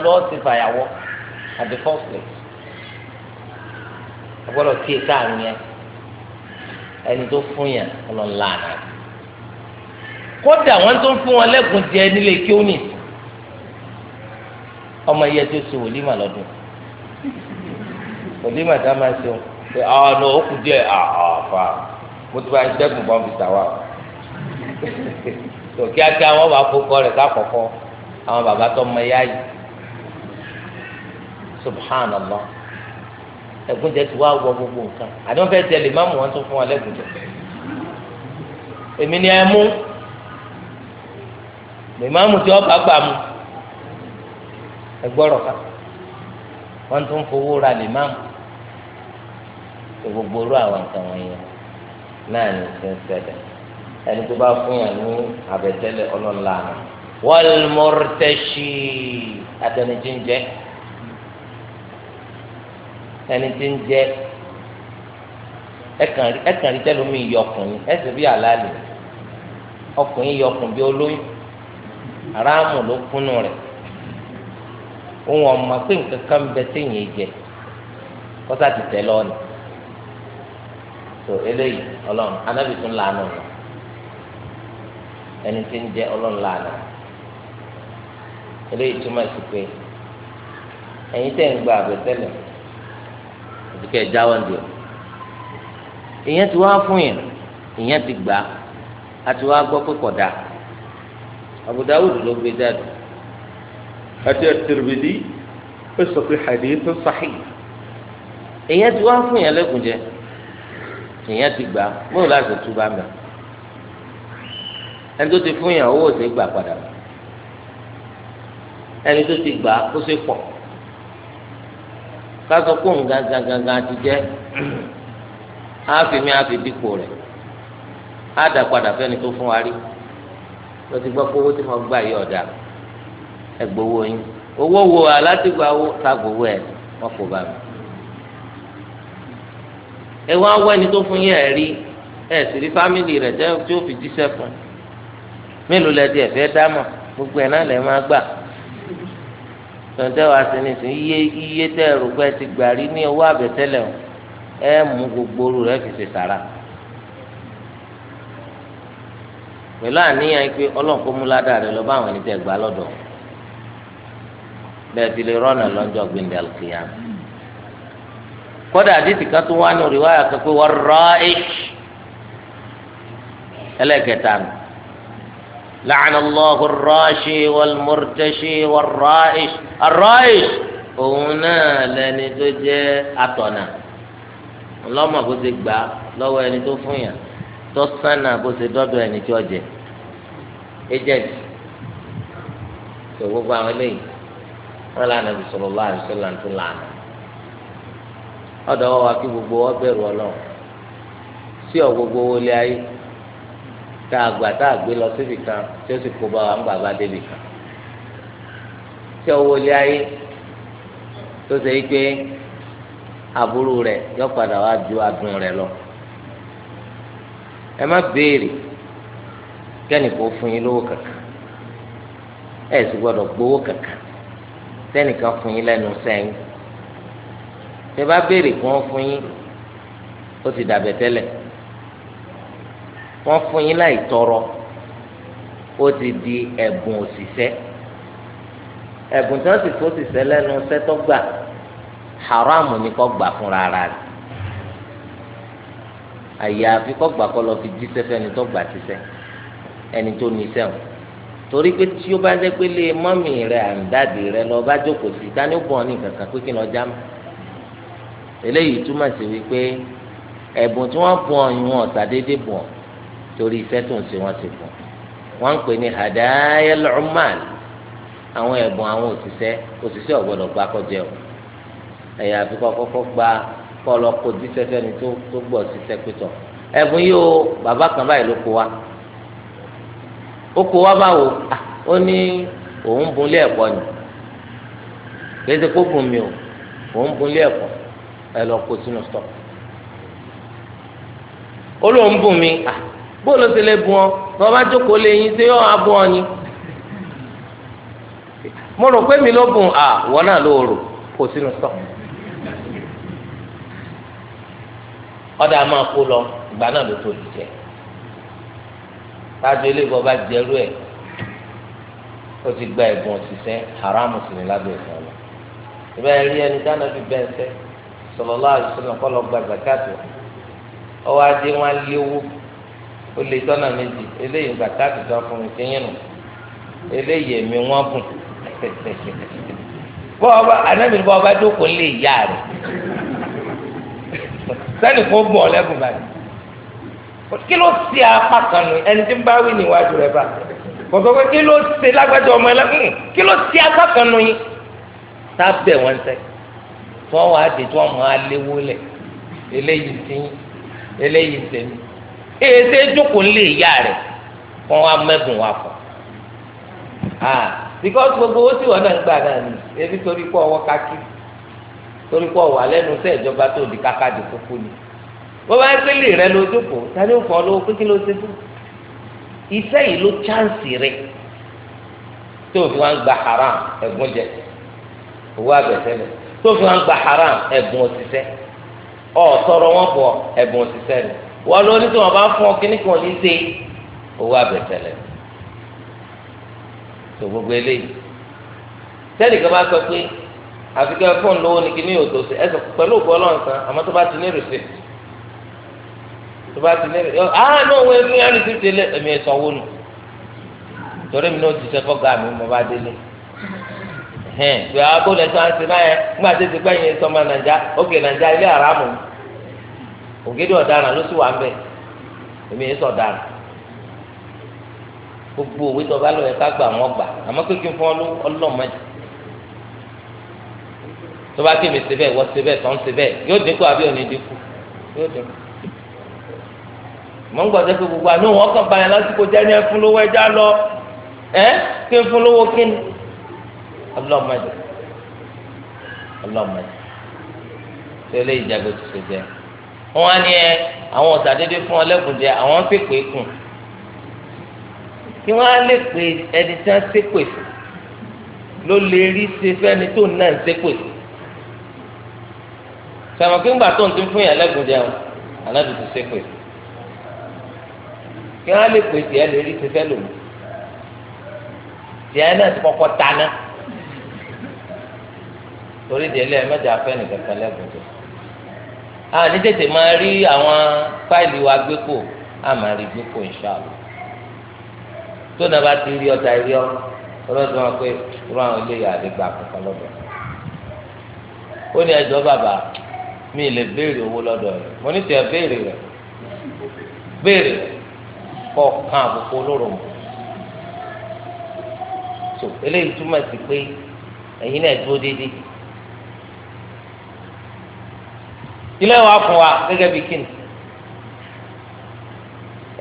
lọ ti a kí ẹni tó fún yàn kódà tó fún wọn jẹ nílé kí ó ọmọ yẹ tó ṣe wòlímà lọ́dún wòlímà tá a máa ṣe ṣe ọ nà ó kù díẹ̀ àfa ah, ah, mo ti bá ṣẹ́gun bọ́m fi tàwa [LAUGHS] tó kíákíá wọn bá kókó rẹ̀ kákọ̀kọ́ àwọn bàbá tó mọ ẹyá yìí subhanallah ẹ̀gúnjẹ ti wá wọ gbogbo nǹkan àdéhùn fẹ́ẹ́ tẹ̀lé má mú wọn tó fún wọn lẹ́gùnjẹ èmi ni ẹ mú lèmọ́mù tí wọ́n gbà mú ẹgbọ́rọ̀ ká wọ́n tún fowó ra lè máa tó gbogbo orú àwọn nǹkan wọ̀nyí náà ní ti ń ṣẹlẹ̀ ẹni tó bá fún yàn ní àbẹ̀tẹ́lẹ̀ ọlọ́la àná wal murtashi àtẹnijì ń jẹ́ ẹni tí ń jẹ́ ẹkàn rí tẹ́lómi yọkùnrin ẹsẹ̀ bí àlàálẹ̀ ọkùnrin yọkùn bí olóyún aráàmù ló kúnnú rẹ̀ òun ọmọ pé nǹkan kan bẹ téèyàn jẹ kọ́sà ti tẹ̀ lọ́ọ̀nì tó eléyìí ọlọ́run anábì tún lànà ọ̀nà ẹni tí ń jẹ ọlọ́run lànà eléyìí túmọ̀ sí pé ẹ̀yin tẹ̀ ń gba àbẹ̀tẹ́lẹ̀ òtúkẹ́ jáwọ́ ń dìọ̀ ìyẹn ti wá fún yẹn ìyẹn ti gbà á ti wá gbọ́ pé kódà Abu Dawud ló gbé jáde àti At-Tirmidhi ó sọ pé hadith sahih èyàn ti wá fún yẹn lẹ́kùn jẹ èyàn ti gbà bóun láti tún bá mi ẹni tó ti fún yẹn owó òsè gbà padà ẹni tó ti gbà ó sì pọ̀ kásọ kó ń gangan gangan ti jẹ àfìmí àfi dípò rẹ̀ á dà padà fẹ́ni tó fún wa rí lọ gbọ́ pé owó tí mo gbà yí ọ̀dà ẹgbowó yín owó wo alátìgbà wo ẹ wọn kò bá mi. ẹ wá wọ ẹni tó fún ẹ rí rẹ tí ó fi fún mélòó lẹ di fẹ́ gbogbo ẹ náà lẹ máa gbà tọ́ntẹ́ sí iye iye tẹ́ ẹ̀rù pé ti gbà rí ní owó àbẹ̀tẹ́lẹ̀ o ẹ mú gbogbo rẹ fi ṣe pẹ̀lú àníyàn pé ọlọ́run kó lẹ́ẹ̀tì lè rọ́nà lọ́jọ́ gbẹ̀ndẹ̀ àlùkìyàm. kódà àdìsí kan tó wá ní riwaya kan pé wọ́n rọ́ ish ẹlẹ́kẹta nù. لعن الله الراشي والمرتشي والرائش الرائش هنا لن تجي أطنا اللهم قد اقبع لو أن تفنيا تصنع قد تدود أن تجي اجد سوف أعليه wọn lànà bí sọlọ lọ àdìsọ là lànà ọdọ wọn wá kí gbogbo wọn sí ọ gbogbo wọlé ayé tá a gbà tá a gbé lọ síbi kan tí ó sì kó bá wa ń gbà bá débi kan ọ wọlé ayé tó ṣe pé yọ padà wá ju adùn lọ ẹ má béèrè kẹ́nìkan fún yín lówó kankan ẹ sì gbowó tẹnìkan fún yín lẹ́nu sẹ́yìn tẹ bá béèrè kí wọ́n fún yín ó ti dàbẹ̀ tẹ́lẹ̀ wọ́n fún yín láì tọrọ ó ti di ẹ̀bùn òṣìṣẹ́ ẹ̀bùn tí wọ́n sì fún òṣìṣẹ́ lẹ́nu sẹ́tọ́ haramu ni kò gbà fúnra rẹ̀ àyàfi kò gbà kó lọ fi jíṣẹ́ fẹ́ni tó gbà tíṣẹ́ ẹni tó ní sẹ́wọ̀n torí pé tí ó bá jẹ́ pé lé mọ́mì rẹ̀ àǹdáàdì rẹ̀ lọ bá jókòó sí dání ó bọ̀ ní kankan pé kí n lọ já mọ́ eléyìí túmọ̀ sí wípé ẹ̀bùn tí wọ́n bọ̀ ọ̀yún ọ̀tà déédéé bọ̀ torí iṣẹ́ tó ń ṣe wọ́n ti bọ̀ wọ́n ń pè ní hadayel umar àwọn ẹ̀bùn àwọn òṣìṣẹ́ òṣìṣẹ́ ọ̀gbọ́dọ̀ gbá kọjá o ẹ̀yà àfikọ́ kọ́kọ́ gba kọ́ lọ kó díṣẹ́ sẹ́ni tó gbọ́ síṣẹ́ pẹ̀tọ̀ ẹ̀bùn yìí ó wa wá báwo ó ní òun bunlé ẹ̀kọ́ ni kéde kó gùn o òun bunlé ẹ̀kọ́ ẹ lọ kó sínú stọọ ó lóun bùn mí bó ti lè ọ wọn bá jókòó lè yín ṣé yóò ọ ni mo rò pé mi ló bùn à wọn náà ló rò kó sínú tájú eléyìí ọba jẹrú ẹ ó ti gba ẹ̀bùn òṣìṣẹ́ haram sì ní lábẹ́ ìfẹ́ lọ ìbá rí ẹni dáná fi bẹ́ẹ̀ sẹ́ sallallahu alaihi wasallam kọ́ lọ gba zakatu ọwọ́ adé wọn lé owó ó lè tọ́nà méjì eléyìí zakatu tó fún mi ti nù eléyìí èmi wọn bùn [LAUGHS] bọ́ọ̀bá anábìrì dókòó lè yá rẹ̀ [LAUGHS] sẹ́ni kó bọ̀ lẹ́kùn báyìí kí ló ṣe apá kan nù ẹni tí ń bá wí níwájú rẹ bá kọ̀ọ̀kan pé kí ló ṣe lágbájọ ọmọ ẹlẹ́kùn hmm, kí ló ṣe apá kan nù yín tábẹ̀ wọn sẹ́ tí wọ́n wàá di tí wọ́n máa léwó lẹ̀ eléyìí ti yín eléyìí ti mi èsè jókòó lè yá rẹ̀ kọ́ wa mẹ́bùn wa fọ́ ah because gbogbo owó tí wọn náà ń gbà náà ni ebi torí kọ́ ọwọ́ kakí torí kọ́ ọ̀wà lẹ́nu sẹ́ ìjọba tó di kákàdé kúkú ni wọ́n bá gbélé rẹ lójúkò tani ó fọ́ lówó pé kí ló ṣe fún iṣẹ́ yìí ló chánsì rẹ̀ tó fi wọn gba haram ẹ̀gbọ́n jẹ owó abẹ́sẹ̀lẹ̀ tó fi wọn gba haram ẹ̀gbọ́n òṣìṣẹ́ ọ̀tọ̀rọ̀ wọn bọ̀ ẹ̀gbọ́n òṣìṣẹ́ rẹ̀ wọ́n lọ ní tí wọ́n bá fún ọ kíní kan ní ṣe owó abẹ́sẹ̀lẹ̀ tó gbogbo eléyìí tẹ́lẹ̀ kan bá sọ pé àfikẹ́ fóònù lówó ni kíní yóò tó ṣe ẹ̀sọ̀ pẹ̀lú òkú ọlọ́run kan àmọ́ tó bá ti ní rìsíìtì tó ti lé ọ ah no wọ́n ẹni ẹni tó ti lé ẹ̀mí ẹ̀sọ́ wó nù torí mi náà ti sẹ́ kọ́ gàmí mo bá délé hẹ́n pé abó lẹ́tọ́ àti báyẹn nígbà tó ti gbẹ́ yẹn sọ́mọ nàìjà ókè nàìjà ilé àràmù ògidì ọ̀daràn ló sì wà ń bẹ̀ èmi yẹn sọ̀daràn gbogbo òwe tó bá lọ yẹ ká gbà wọ́n gbà àmọ́ kékeré fún ọlọ́mọdé tó bá kémi sebẹ wọ sebẹ tọ́ sebẹ yóò dínkù àbí òní dínkù yóò dínkù mọ̀ ń gbọ́dọ̀ pé gbogbo àmì òun ọkàn báyìí lásìkò jẹ́ ní ẹfun lówó ẹja lọ ẹ kí n fún lówó kí ni ọlọ́mọdé ọlọ́mọdé tí ó lé ìjàgbó ti ṣe jẹ wọn á ní ẹ àwọn ọ̀sàdédé fún ọlẹ́kùn jẹ àwọn ń pèpè kùn kí wọ́n á lè pe ẹni tí wọ́n ṣépè fún ló lè rí ṣe fẹ́ni tó náà ń ṣépè fún sàmùkíngbà tó ń tún fún yàn lẹ́kùn jẹun anábì ti ṣépè kí wọn lè pè tiẹ̀ lè rí tẹfẹ lòun tiẹ̀ náà ti kọ́kọ́ taná torí délé ẹ mẹ́jọ afẹ nìkan kan lẹbùn jẹ a ní tètè máa rí àwọn fáìlì wa gbé kò a máa rí gbé kò inṣàlá tó náà bá ti rí ọta rí ọ ọlọ́dún wọn pé irú àwọn eléyà àdégbà kankan lọ́dọ̀ ó ní ẹjọ́ bàbá mi lè béèrè owó lọ́dọ̀ rẹ̀ mo ní tiẹ̀ béèrè rẹ̀ béèrè rẹ̀ kọ́ kan àbùkù olóró mọ́ so eléyìí túmọ̀ sí pé ẹ̀yin náà dúró déédéé ilé wa fún wa gẹ́gẹ́ bí kíni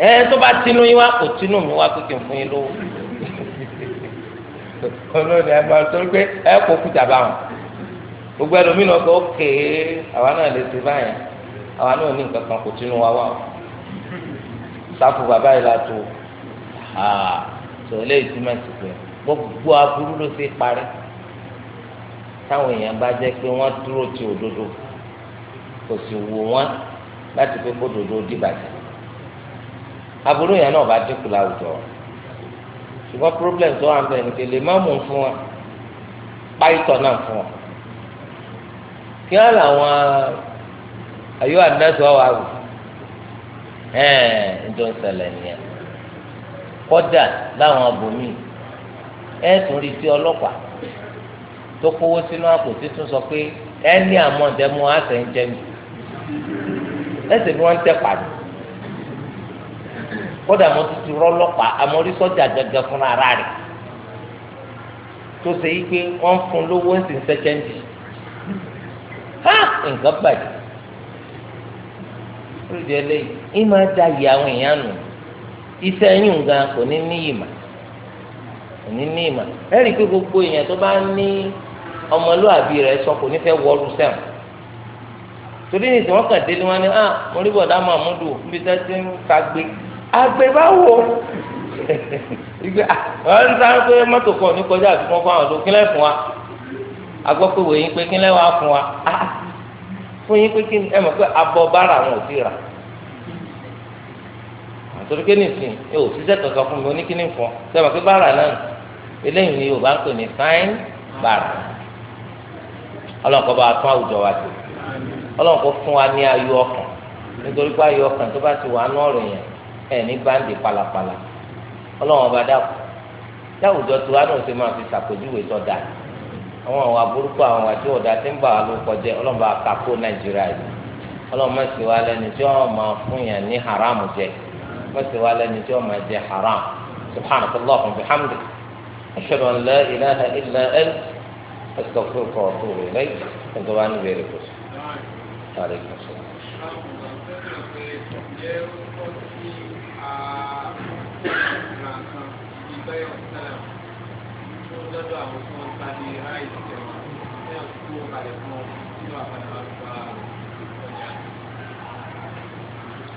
ẹ tó bá tinú yín wá kò tinú mi wá pé kí n fún yín lówó [LAUGHS] olóòdì ẹ máa sọ pé ẹ kò kú jàmbá wọn gbogbo ẹlòmínú ọkọ òkè àwa náà lè ṣe báyìí àwa náà ní nǹkan kan kò tínú wa wà o sáfù bàbá yìí la tó a tó eléyìí tí mà sí pé gbogbo aburú ló ṣe parí táwọn èèyàn bá jẹ́ pé wọ́n dúró ti òdodo kò sì wù wọ́n láti pé kó òdodo dìbàjẹ́ aburú yẹn náà bá dínkù láwùjọ ṣùgbọ́n problem tó wà ń bẹ̀ ní pé lè má mú fún wa páìtọ̀ náà fún wa kí wọn làwọn ayọ àdásọ wà wò ẹn ń tó ń ṣẹlẹ̀ nìyẹn kódà láwọn abòmí ẹ tún rí tí ọlọ́pàá tó kówó sínú àpò títún sọ pé ẹ ní àmọ́ ǹdẹ́mú àṣẹ ń jẹ mi ẹsẹ̀ ni wọ́n ń tẹ̀ pàdé kódà mo ti ti rọlọ́pàá amọ̀rí sọ́jà gẹ́gẹ́ fúnra rẹ̀ tó ṣe yí pé wọ́n fún lówó ń sẹ́kẹ́ndì nǹkan bàjẹ́ olùdí eléyìí ìmọ̀ ẹ̀dá yìí àwọn èèyàn nù iṣẹ́ yìí nǹkan kò ní ní ìmọ̀ kò ní ní ìmọ̀ ẹ̀rí pé gbogbo èèyàn tó bá ní ọmọlúwàbí rẹ̀ sọ kò ní fẹ́ wọlú sẹ́wọ̀n torí ní ìsìn ni ah mo rí bọ̀dá mahmudu níbi tẹ́ ti ń kagbe agbe báwo ìgbé àwọn ń sáré pé mọ́tò kan ní kọjá àti wọn fún àwọn tó kílẹ̀ fún wa agbọ́ pé wòye pé kílẹ̀ wà fún wa fún yín pé kí ni ẹ mọ̀ pé abọ́ bára àwọn ò ti rà àtòrí pé nìsín ẹ ò ṣiṣẹ́ kankan fún mi oníkíní fún ọ ṣe mọ̀ pé bára náà eléyìí ni Yorùbá ń pè ní fine bára ọlọ́nkọ́ bá tún àwùjọ wa tó ọlọ́nkọ́ fún wa ní ayọ̀ ọkàn nítorí pé ayọ̀ ọkàn tó bá ti wà náà rẹ̀ yẹn ẹ̀ ní báńdì palapala ọlọ́wọ́n bá dáwọ́ dáwùjọ tó wá náà ṣe máa fi ṣàpèjúwe tó dáa àwọn àwọn aburúkú àwọn àti ọ̀dà tí ń bà wá ló kọjá ọlọ́mọba àkàkó nàìjíríà yìí ọlọ́mọ sì wá lẹ́ni tí wọ́n máa fún yàn ní haram jẹ wọ́n sì wá lẹ́ni tí wọ́n máa jẹ haram subhanaka Allahu wa bihamdik ashhadu an la ilaha illa ant astaghfiruka wa atubu ilayk ẹ̀dọ́ wa níbi èrè kùsù. Thank you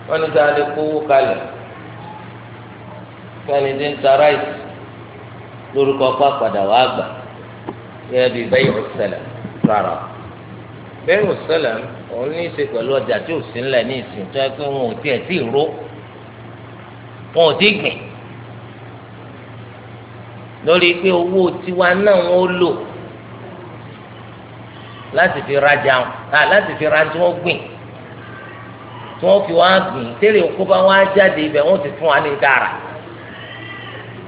wọ́n ní sáà lè kówó kalẹ̀ fẹ́ni tí ń ta ráìsì lórúkọ pàpàdà wà gbà yẹ bí bẹ́ẹ̀ ọ̀sẹ̀lẹ̀ rárá bẹ́ẹ̀ ọ̀sẹ̀lẹ̀ òun ní í ṣe pẹ̀lú ọjà tí ò sí ńlẹ̀ ní ìsìn tó yẹ pé wọn ò tiẹ̀ tí ì ró wọn ò tí ì gbìn lórí pé owó tiwa náà wọ́n lò láti fi rajà wọn láti fi ra tí wọ́n gbìn tí wọ́n fi wá gbìn tẹ́lẹ̀ òkú bá wá jáde ibẹ̀ wọ́n ti fún wa ní gàrà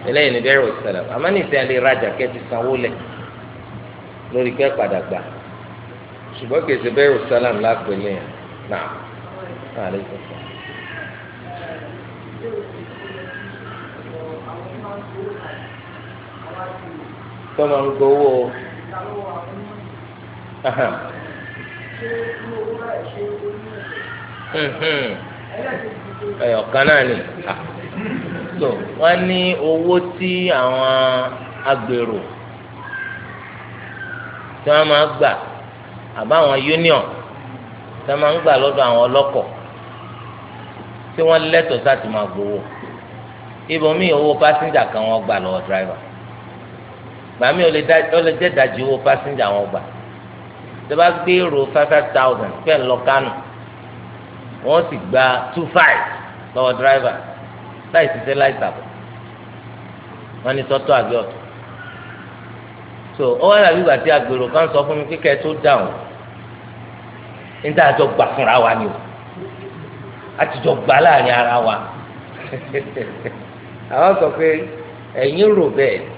eléyìí ni bẹ́ẹ̀ òṣèlè àmọ́ ní ìsẹ́yìn lè rajà kẹ́ ti sanwó lẹ̀ lórí kẹ́ padà gbà ṣùgbọ́n kèsì bẹ́ẹ̀ òṣèlè ńlá pẹ̀lú yẹn náà. tó máa ń gbowó ẹyọkan náà ni so wọn ní owó tí àwọn agbèrò tí wọn máa gbà àbáwọn union tí wọn máa ń gbà lọ́dọ̀ àwọn ọlọ́kọ̀ tí wọn lẹ́tọ̀ọ́ sáà ti máa gbowó ibòmíì owó pásíńjà kan wọn gbà lọ́wọ́ dráìvà bàmí ò lè jẹ́ ìdajì owó pásíńjà wọn gbà tó bá gbèrò five five thousand pẹ̀ ń lọ kánò wọ́n sì gba two five lọ́wọ́ dírẹ́fà láì ṣiṣẹ́ láì sàbọ̀ wọ́n ní sọ́tọ̀ àbí ọ̀tọ̀ so ó wá dàbí ìgbà tí agbèrò kan sọ fún mi kíkẹ́ tó dáhùn níta àjọ gbà fúnra wa ni o àtijọ́ gbà láàrin ara wa [LAUGHS] àwọn sọ pé ẹ̀yin rò bẹ́ẹ̀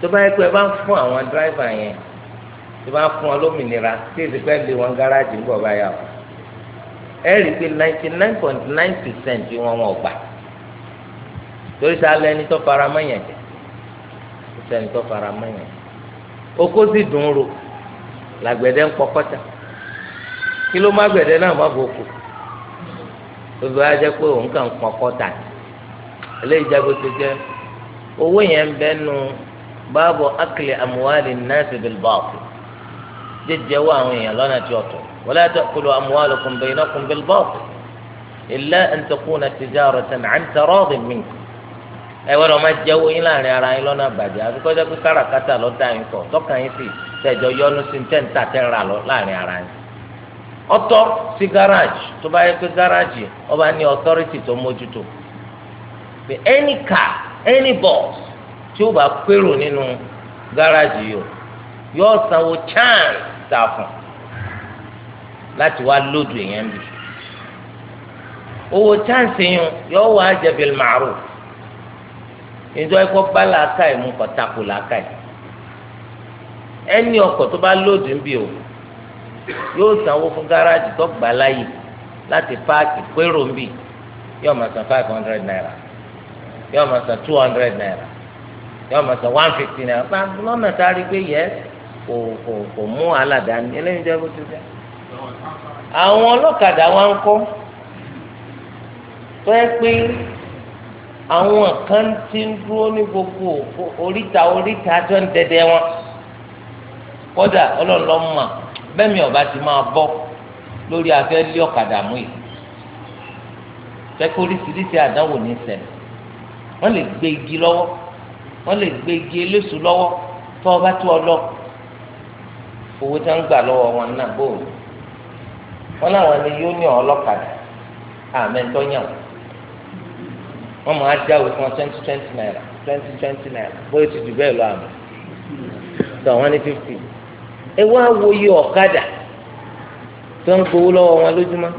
tó bá yẹ pé ẹ bá ń fún àwọn dírẹ́fà yẹn tó bá fún ọ lómìnira tí èsì pẹ́ lé wọn gáràjì ń bọ̀ báyà o ẹ rí i pé ninety nine point nine percent wọn wọn gbà torí sáà lẹni tó fara mọ́yàn jẹ sẹ́ni tó fara mọ́yàn oko sì dùn ro làgbẹ̀dẹ ń pọkọ́ta kí ló má gbẹ̀dẹ náà má gbòkò gbogbo wa jẹ́ pé òun kàn ń pọkọ́ta eléyìí jẹ́ bó ti jẹ́ owó yẹn ń bẹ́ẹ̀ nu. No báàbò akele amuwaali nnaasi bilbaati jẹjẹ wá àwọn èèyàn lọ́nà tí ọ̀tọ̀ wala ta'kulu amwaalakum baynakum bilbaati illa an takuna tijaratan an taradin minkum ẹ wọ́n lọ́ọ́ máa jẹ́wọ́ yín láàrin ara yín lọ́nà àgbàjẹ́ àfikọ́jọ́ pé káràkátà ló dá yín pọ̀ tọ́ka yín sì tẹ̀jọ́ yọnu sí tẹ̀ ń ta tẹ̀ ń láàrin ara yín. ọ̀tọ̀ sí gáràjì tó bá yẹ pé gáràjì ọba ní ọtọ́rìtì tó mójútó pé any car any bus tí ó bá pérò nínú gáràjì yìí o yóò sanwó chance ta fún láti wá lódù èèyàn bì owó chance yìí yóò wá jẹbil màrú ìjọ ẹkọ bá làákà ẹ mú kọtàkù làákà ẹ ẹni ọkọ̀ tó bá lódù ń bì o yóò sanwó fún gáràjì tó gbà láàyè láti páàkì pérò ń bì yóò máa san five hundred naira yóò máa san two hundred naira yóò máa san one fifty naira pa lọ́nà tá a rí pé yẹ kò kò kò mú aládàáni eléyìí jẹ́ bó ti jẹ́. àwọn ọlọ́kadà wa ń kọ́ tó yẹ pé àwọn kan ti ń dúró ní gbogbo oríta oríta tó ń dẹdẹ wọn kódà ọlọ́run lọ́ọ́ mọ̀ bẹ́ẹ̀ mi ọba ti máa bọ́ lórí afẹ́ lé ọ̀kadà mú yìí fẹ́ kó oríṣiríṣi àdánwò ní ṣẹlẹ̀ wọ́n lè gbé igi lọ́wọ́ wọ́n lè gbé igi lọ́wọ́ tó ọba tó ọ lọ owó tó ń gbà lọ́wọ́ wọn náà bò ó wọn làwọn yóò ní ọlọ́kadà àmẹ́ńtọ́ yàn wọ́n máa dá òwe fún twenty twenty naira twenty twenty naira bóyá ti jù ní fifty ẹ wá wo ọ̀kadà tó ń lọ́wọ́ wọn lójúmọ́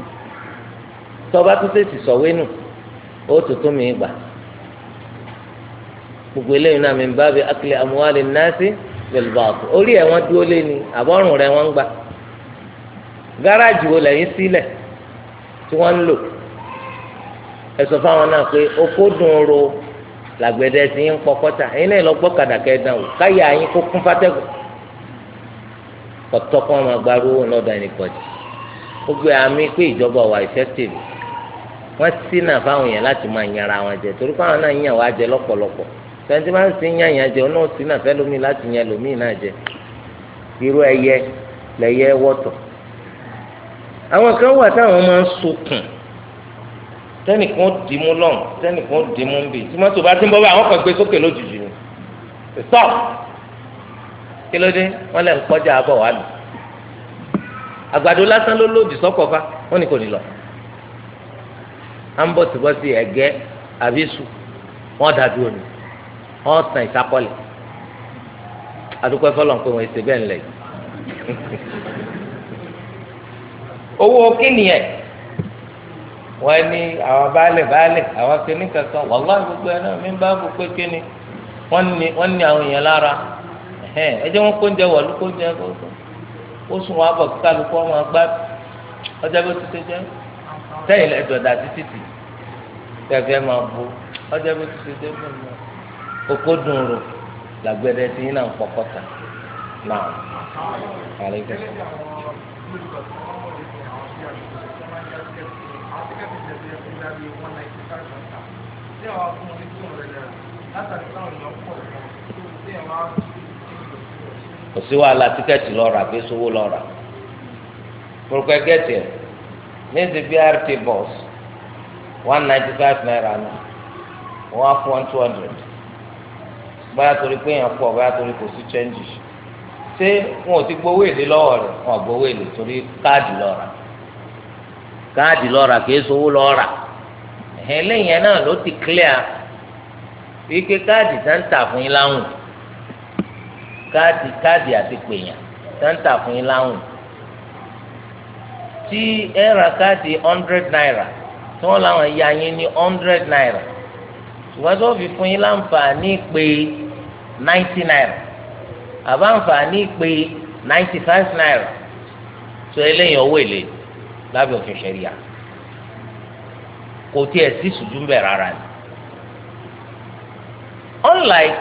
tó ọba tó sọ̀wé nù ó tó tó gbogbo eléyìí náà mi ń bá bi akli amwali nasi bil batil orí ẹ̀ wọ́n dúró lé ní àbọ̀rùn rẹ̀ wọ́n ń gbà gáràjì wo lẹ́yìn sílẹ̀ tí wọ́n ń lò ẹ̀sọ́ fáwọn náà pé okó dùn ro ti ń ẹ̀yin náà lọ gbọ́ kàdàkẹ́ dàn wò káyà kó kún máa gba lọ́dọ̀ ẹnìkọ̀jì ó gbé àmì pé ìjọba wà wọ́n sínà fáwọn yẹn láti máa jẹ torí fáwọn náà yàn wá jẹ tẹ̀sí máa ń sin yàn yàn jẹ ọ̀nà òsì náà fẹ́ lómi láti yàn lómi náà jẹ irú ẹyẹ lẹyẹ wọ́tọ̀ àwọn kan wà táwọn máa ń sokùn tẹnìkan lọ́n tẹnìkan ti ń bọ́ àwọn kan gbé sókè lójijì ni stop kí ló dé wọ́n kọjá abọ́ wa lù àgbàdo lásán ló lòdì wọ́n ní kò ní lọ à ń bọ̀ ọ̀sán ìsapọ̀lẹ̀ adúgbò ẹ̀fọ́lọ̀ ń pè wọ́n èsè bẹ́ẹ̀ ńlẹ̀ owó kínìyẹn wọ́n ní àwọn baálẹ̀ baálẹ̀ àwọn kìnnì kankan wàláhì gbogbo ẹ̀ náà mi bá bò pé kínni wọ́n wọ́n ní àwọn èèyàn lára ẹ jẹ́ wọ́n ó sùn wọ́n abọ̀ bó ti ṣe jẹ́ sẹ́yìn títí tì tẹ̀fẹ́ máa bu oko dùn ro làgbẹ̀dẹ tí yín náà ń pọkọ tà náà àlejò. kò sí wàhálà tíkẹ́ẹ̀tì lọ́ra bí sówó lọ́ra kúrúkú ẹgẹ́tì ẹ̀ níbi BRT bus one ninety five naira náà wọ́n á fún one two hundred báyà torí pé èèyàn pọ̀ báyà torí kò sí chẹ́ńjì ṣé wọn ò ti gbowó èlé lọ́wọ́ rẹ̀ wọn ò èlé torí káàdì lọ́ra káàdì lọ́ra kìí sowó lọ́ra ẹlẹ́yìn náà ló ti clear wípé káàdì sáńtà fún yín láwùn káàdì káàdì àti pèèyàn sáńtà fún yín láwùn tí ẹ ra káàdì hundred naira tí wọ́n láwọn ya yín ní hundred naira ṣùgbọ́n tó fi fún yín láǹfààní pé ninety naira àbáǹfààní pé ninety five naira tó eléyìí owó èlé lábẹ́ òfin ṣẹ̀ríà kò tiẹ̀ sí sùjú ń bẹ̀ rárá ni unlike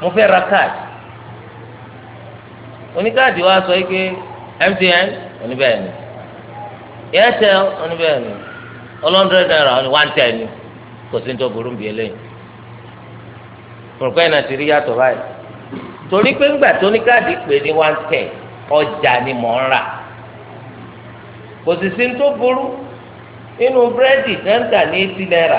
mo fẹ́ ra káàdì oníkáàdì wa sọ pé MTN oníbẹ̀rẹ̀ ni Airtel oníbẹ̀rẹ̀ ni ọlọ́ndẹ̀rẹ̀ náírà one ten ni kò sí ní tó burú bí eléyìí pọ̀lọ́pọ̀ ẹ̀ náà ti rí yàtọ̀ báyìí torí pé ńgbà tó ní káàdì pè ní one ten ọjà ni mò ń rà kò sì sí tó burú nínú búrẹ́dì tẹ́ńtà ní eighty naira naira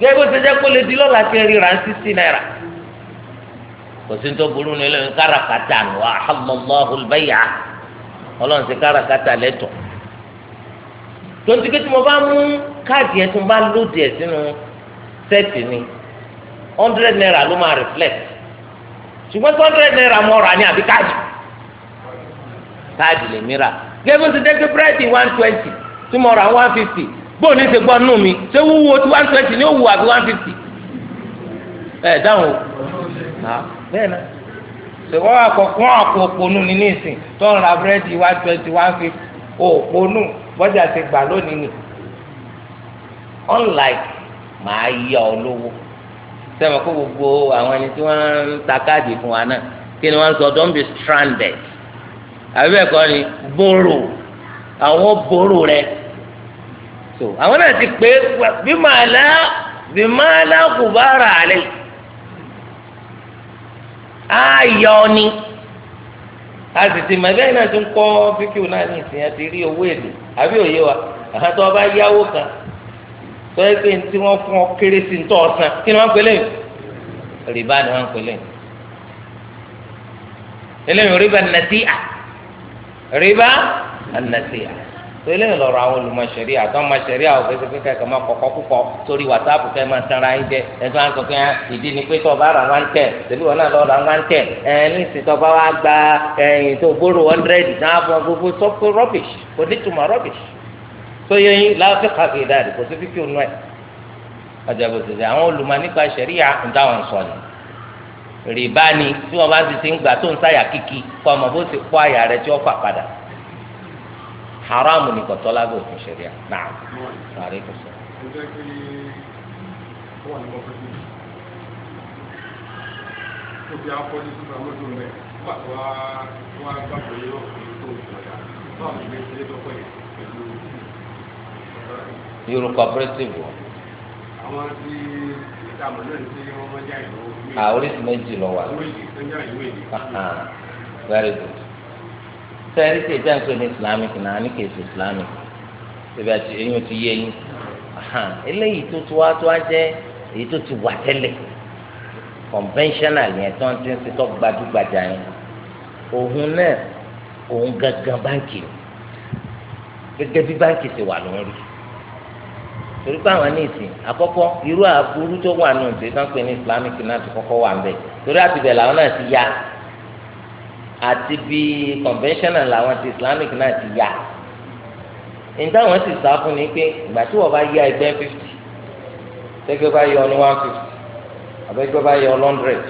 gẹ́gẹ́ bó ṣe jẹ́ kó lè di lọ́la kí ríra sixty naira kò sí tó burú ní ilé káràkátà nù ahàmọ́láhu bẹ́yà ọlọ́run sí káràkátà lẹ́tọ̀ọ́ tontigbé tí mo bá mú káàdì ẹ̀ tó bá lóde ẹ̀ sínú. sẹ́ẹ̀tì ni hundred naira ló máa reflect ṣùgbọ́n tí hundred naira mọ̀ ra ni àbí káàdì káàdì lè mìíràn gẹ́gẹ́ bó one twenty tí mo ra one fifty bó ní ṣe gbọ́ nù mí ṣé wúwo tí one twenty one fifty dáhùn o bẹ́ẹ̀ náà ṣùgbọ́n àkọ́kọ́ àpò ni tó ń ra one twenty one fifty òpònú bọ́jà ti gbà lónìí ni unlike màá yá ọ lówó sẹ́wọ̀n kó gbogbo àwọn ẹni tí wọ́n ń ta káàdì fún wa náà kí ni wọ́n sọ don't be stranded àbí bẹ́ẹ̀ kọ́ ni bóró àwọn bóró rẹ so àwọn náà ti pé bí màá lá bí màá lá kò bá rà á lẹ́yìn ayọ̀ ni a sì ti mọ̀ bẹ́ẹ̀ náà tún kọ́ fíkìú náà ní ìsìn àti rí owó èlé àbí òye wa àti ọba yáwó kan tọ́yẹ́ pé ní tí wọ́n fún ọ kéré sí ntọ́ ọ̀sán kí ni wọ́n ń pè lẹ́yìn rìbá ni wọ́n ń pè lẹ́yìn eléyìí rìbá nàtíà rìbá nàtíà tó eléyìí lọ́rọ̀ àwọn olùmọ̀ṣẹ̀rí àtọ́ mọ̀ṣẹ̀rí àwọn òfin pé kẹ́kẹ́ máa kọ́kọ́ púpọ̀ sórí wàsáàpù kẹ́ máa tanra yín jẹ ẹ̀sùn àti ọ̀kẹ́ ìdí ni pé tó bá ra wọn tẹ̀ tẹ̀lé wọn náà lọ wọn tẹ̀ ẹ̀ ní ìsìn tó bá wá gba ẹ̀yìn tó gbòòrò hundred náà fún ọ gbogbo sọ́kù rubbish kò ní tùmọ̀ rubbish sóyè yín láti kàfé dáadé kò sí fífi ònú ẹ àjàgbèsèsè àwọn olùmọ̀ nípa ṣẹríà ń táwọn sọ ni rìbá ni tí wọn bá ti ti ń gbà tó ń sáyà kíkì kọ ọmọ bó ti kó àyà rẹ tí wọn fà padà haramu ni kọtọ lábẹ òfin ṣẹríà náà sàrí kò sọ. Obi afọdé tó máa lójú rẹ̀ wá wá Báwo ni ilé ìṣẹ́lẹ̀ tó pọ̀ yẹn? euro cooperative o. àwọn tí ìtàmù náà ti wọ́n mọ́ jáì lówó. àwọn oríṣi méjì lọ wà. very good. sẹ́ẹ̀rì tí ìjà ń pè ní islamic náà ní kèsì islamic ṣẹbi àti eyín ti yé yín eléyìí tó tó wá tó wá jẹ́ èyí tó ti wà tẹ́lẹ̀ conventional yẹn tó ń ti ń ṣe tó gbajúgbajà yẹn òun náà òun gangan báńkì gẹ́gẹ́ bí báńkì ṣe wà lóhùn rí torí pé àwọn níìsín àkọ́kọ́ irú àbúrú tó wà nù tí wọ́n pè ní islamic náà ti kọ́kọ́ wà nbẹ̀ torí àtibẹ̀ làwọn náà ti ya àti bí conventional làwọn ti islamic náà ti ya níta wọn sì sá fún ni pé ìgbà tí wọ́n bá yá ẹgbẹ́ fifty tẹ́gbẹ́ bá yọ ní one fifty àbẹ́gbẹ́ bá yọ ní hundred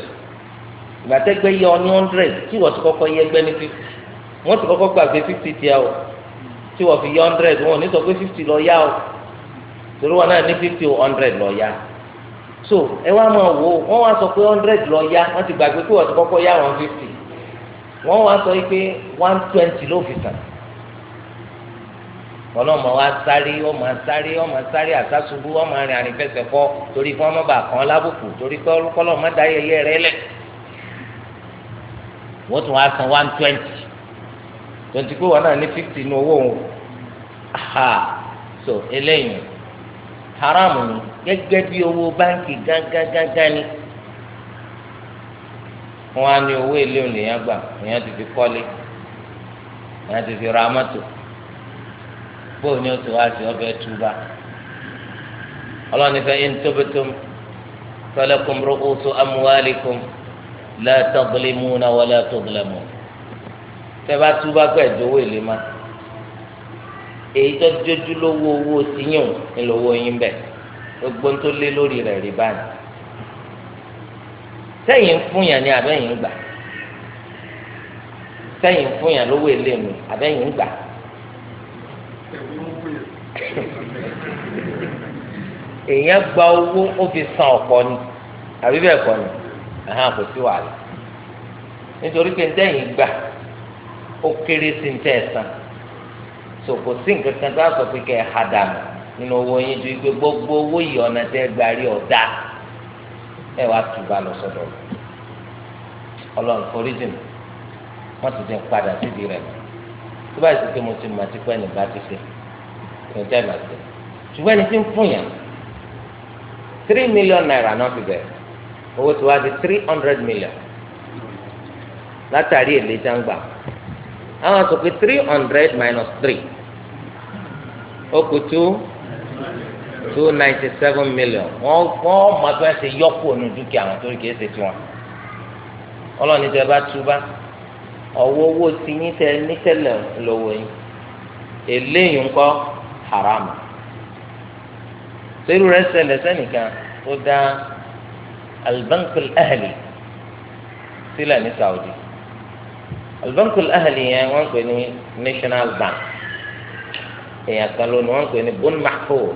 ìgbà tẹ́gbẹ́ yọ ní hundred tí wọ́n ti kọ́kọ́ yẹ ẹgbẹ́ ní fifty wọ́n ti kọ́kọ́ gbàgbé fifty tiẹ̀ o tí wọ́n fi yọ hundred wọn ò ní sọ pé fifty lọ yá o torí wọn náà ní fifty or hundred lọ ya so ẹ wá máa wò ó wọn wá sọ pé hundred lọ ya wọn ti gbàgbé pé wọn ti kọ́kọ́ ya one fifty wọn wá sọ pé one twenty ló fi sàn ọlọ́mọ wa sáré ọmọ sáré ọmọ sáré àsásùbú ọmọ arìn àrìnfẹsẹ̀ kọ torí kí wọ́n má bàa kàn án lábùkù torí kí ọlọ́kọ́lọ́ má da ayẹyẹ rẹ lẹ̀ wọ́n tún wá san one twenty twenty pé wọn náà ní fifty ní owó òun aha so eléyìí haramu ni gẹ́gẹ́ bí owó báńkì gángan gángan ni wọn á ní owó ilé òun lèèyàn gbà èèyàn ti fi kọ́lé èèyàn ti fi ra mọ́tò bóun ni ó ti wá sí ọbẹ̀ túbà ọlọ́ni fẹ́ in tóbitóm falakum ru'usu amwalikum la tadlimuna wa la tẹ́ bá túbà pẹ̀ jówó ìlé máa èyí tó dójú lówó owó tìyàn ńlọwọ yín bẹ gbogbo tó lé lórí rẹ̀ rí báyìí sẹ́yìn fún ni àbẹ́yìn gbà sẹ́yìn fún yàn lówó èlé mi àbẹ́yìn gbà. èèyàn gba owó ó fi san ọ̀pọ̀ ni àbí bẹ́ẹ̀ kọ́ ni ẹ̀hán kò sí wàhálà nítorí pé ntẹ́yìn gbà ó kéré sí ntẹ́ san so kò sí nǹkan kan tó a sọ pé kẹ ẹ ha dànù nínú owó yín ju pé gbogbo owó yìí ọ̀nà tẹ́ gba rí ọ̀dà ẹ wàá tùbà lọ sọ́dọ̀ ọlọ́run foríjìn wọ́n ti dín padà síbi rẹ̀ tó bá yẹ kí mo ti mọ̀ àti pé ẹnì bá ti ṣe kò jẹ́ ìgbà tó ṣùgbọ́n ẹni tí ń fún yàn three million naira náà fi bẹ̀rẹ̀ owó tí wàá di three hundred million látàrí èlé jàǹgbà àwọn sọ three hundred minus three ó kù two ninety seven million wọ́n wọ́n mọ̀ pé ṣe yọ́pọ̀ nù dúkìá wọn torí kìí ṣe tiwọn ọlọ́ọ̀ni tẹ bá túbá ọwọ́ owó tí yín tẹ ní tẹ́lẹ̀ lọ́wọ́ yín eléyìí ńkọ́ haram sẹ́rù rẹ̀ ṣẹlẹ̀ sẹ́nìkan ó dá albankul ahli sílẹ̀ ní Saudi albankul ahli yẹn wọ́n pè ní national bank èèyàn kan ló ní wọ́n ń pè ní bun mahfuz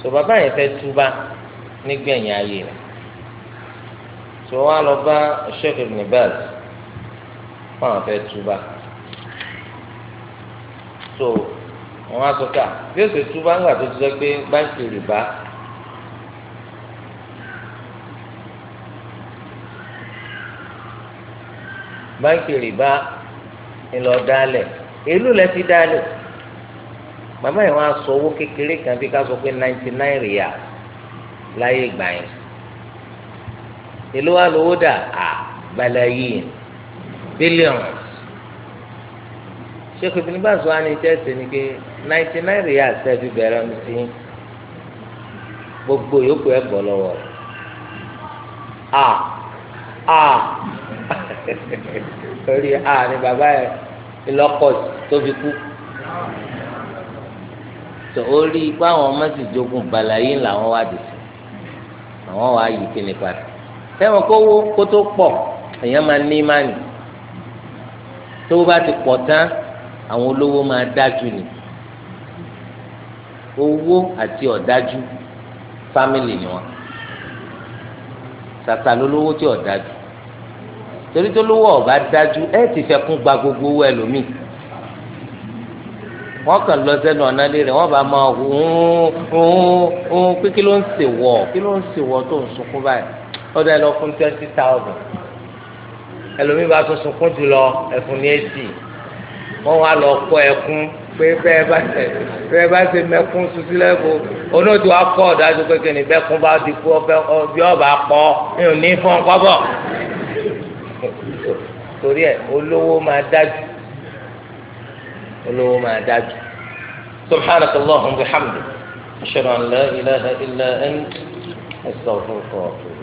so bàbá yẹn fẹ́ túbà nígbẹ̀yìn ayé rẹ̀ so wọ́n á lọ bá Sheikh Ibn Baz fún àwọn fẹ́ túbà so wọ́n á sọ ká bí ó sì túbà ńgbà tó ti sọ pé báńkì rìbá báńkì rìbá ńlọ dálẹ̀ èlò lẹ ti dá lò bàbá yẹn wọn aṣọ owó kékeré kan bí ká sọ pé ninety nine rìal láyé ìgbà yẹn èlò wa lówó dà à balayin billions sheikh ibn baz wa ni tẹsẹ ni pé ninety nine rìal sẹbi bẹ̀rẹ̀ mi sí gbogbo yòókù ẹ bọ lọ́wọ́ ah, [LAUGHS] a orí ah ni bàbá yẹn ìlọ́kọ̀ tó fi kú tó o rí i pé àwọn ọmọ sì jogun balayin làwọn wá dùn àwọn wá yìí kíni padà sẹ́wọ̀n kówó kó tó pọ̀ èèyàn máa ní ìmánì tó bá ti pọ̀ tán àwọn olówó máa dájú ni owó àti ọ̀dájú fámìlì ni wọn tàtà lólówó tí ọ̀dájú torí tó lówó ọba dájú ẹ ti fẹ́ kún gba gbogbo owó ẹlòmíì wọ́n kàn lọ sẹ́nu ọ̀nà rẹ̀ wọ́n bá máa hùn hùn hùn pé kí ló ń ṣèwọ kí ló ń ṣèwọ tó ń sunkún báyìí ọdọ ẹ lọ fún twenty thousand ẹlòmíì bá tó sunkún jù lọ ẹfun ní èsì wọn wá lọ kọ ẹkún pé bẹ́ẹ̀ bá ṣe bẹ́ẹ̀ bá ṣe mẹkún sùsì lẹfọ onótò akọ ọdájú pé kìnìún bẹkún bá ti kú ọbẹ ọbẹ ọbẹ akọ mi ò ní fún ọkọ bọ torí ẹ olówó máa dájú olówó máa dájú subhanaka allahumma wa bihamdika ashhadu an la ilaha illa anta astaghfiruka wa atubu.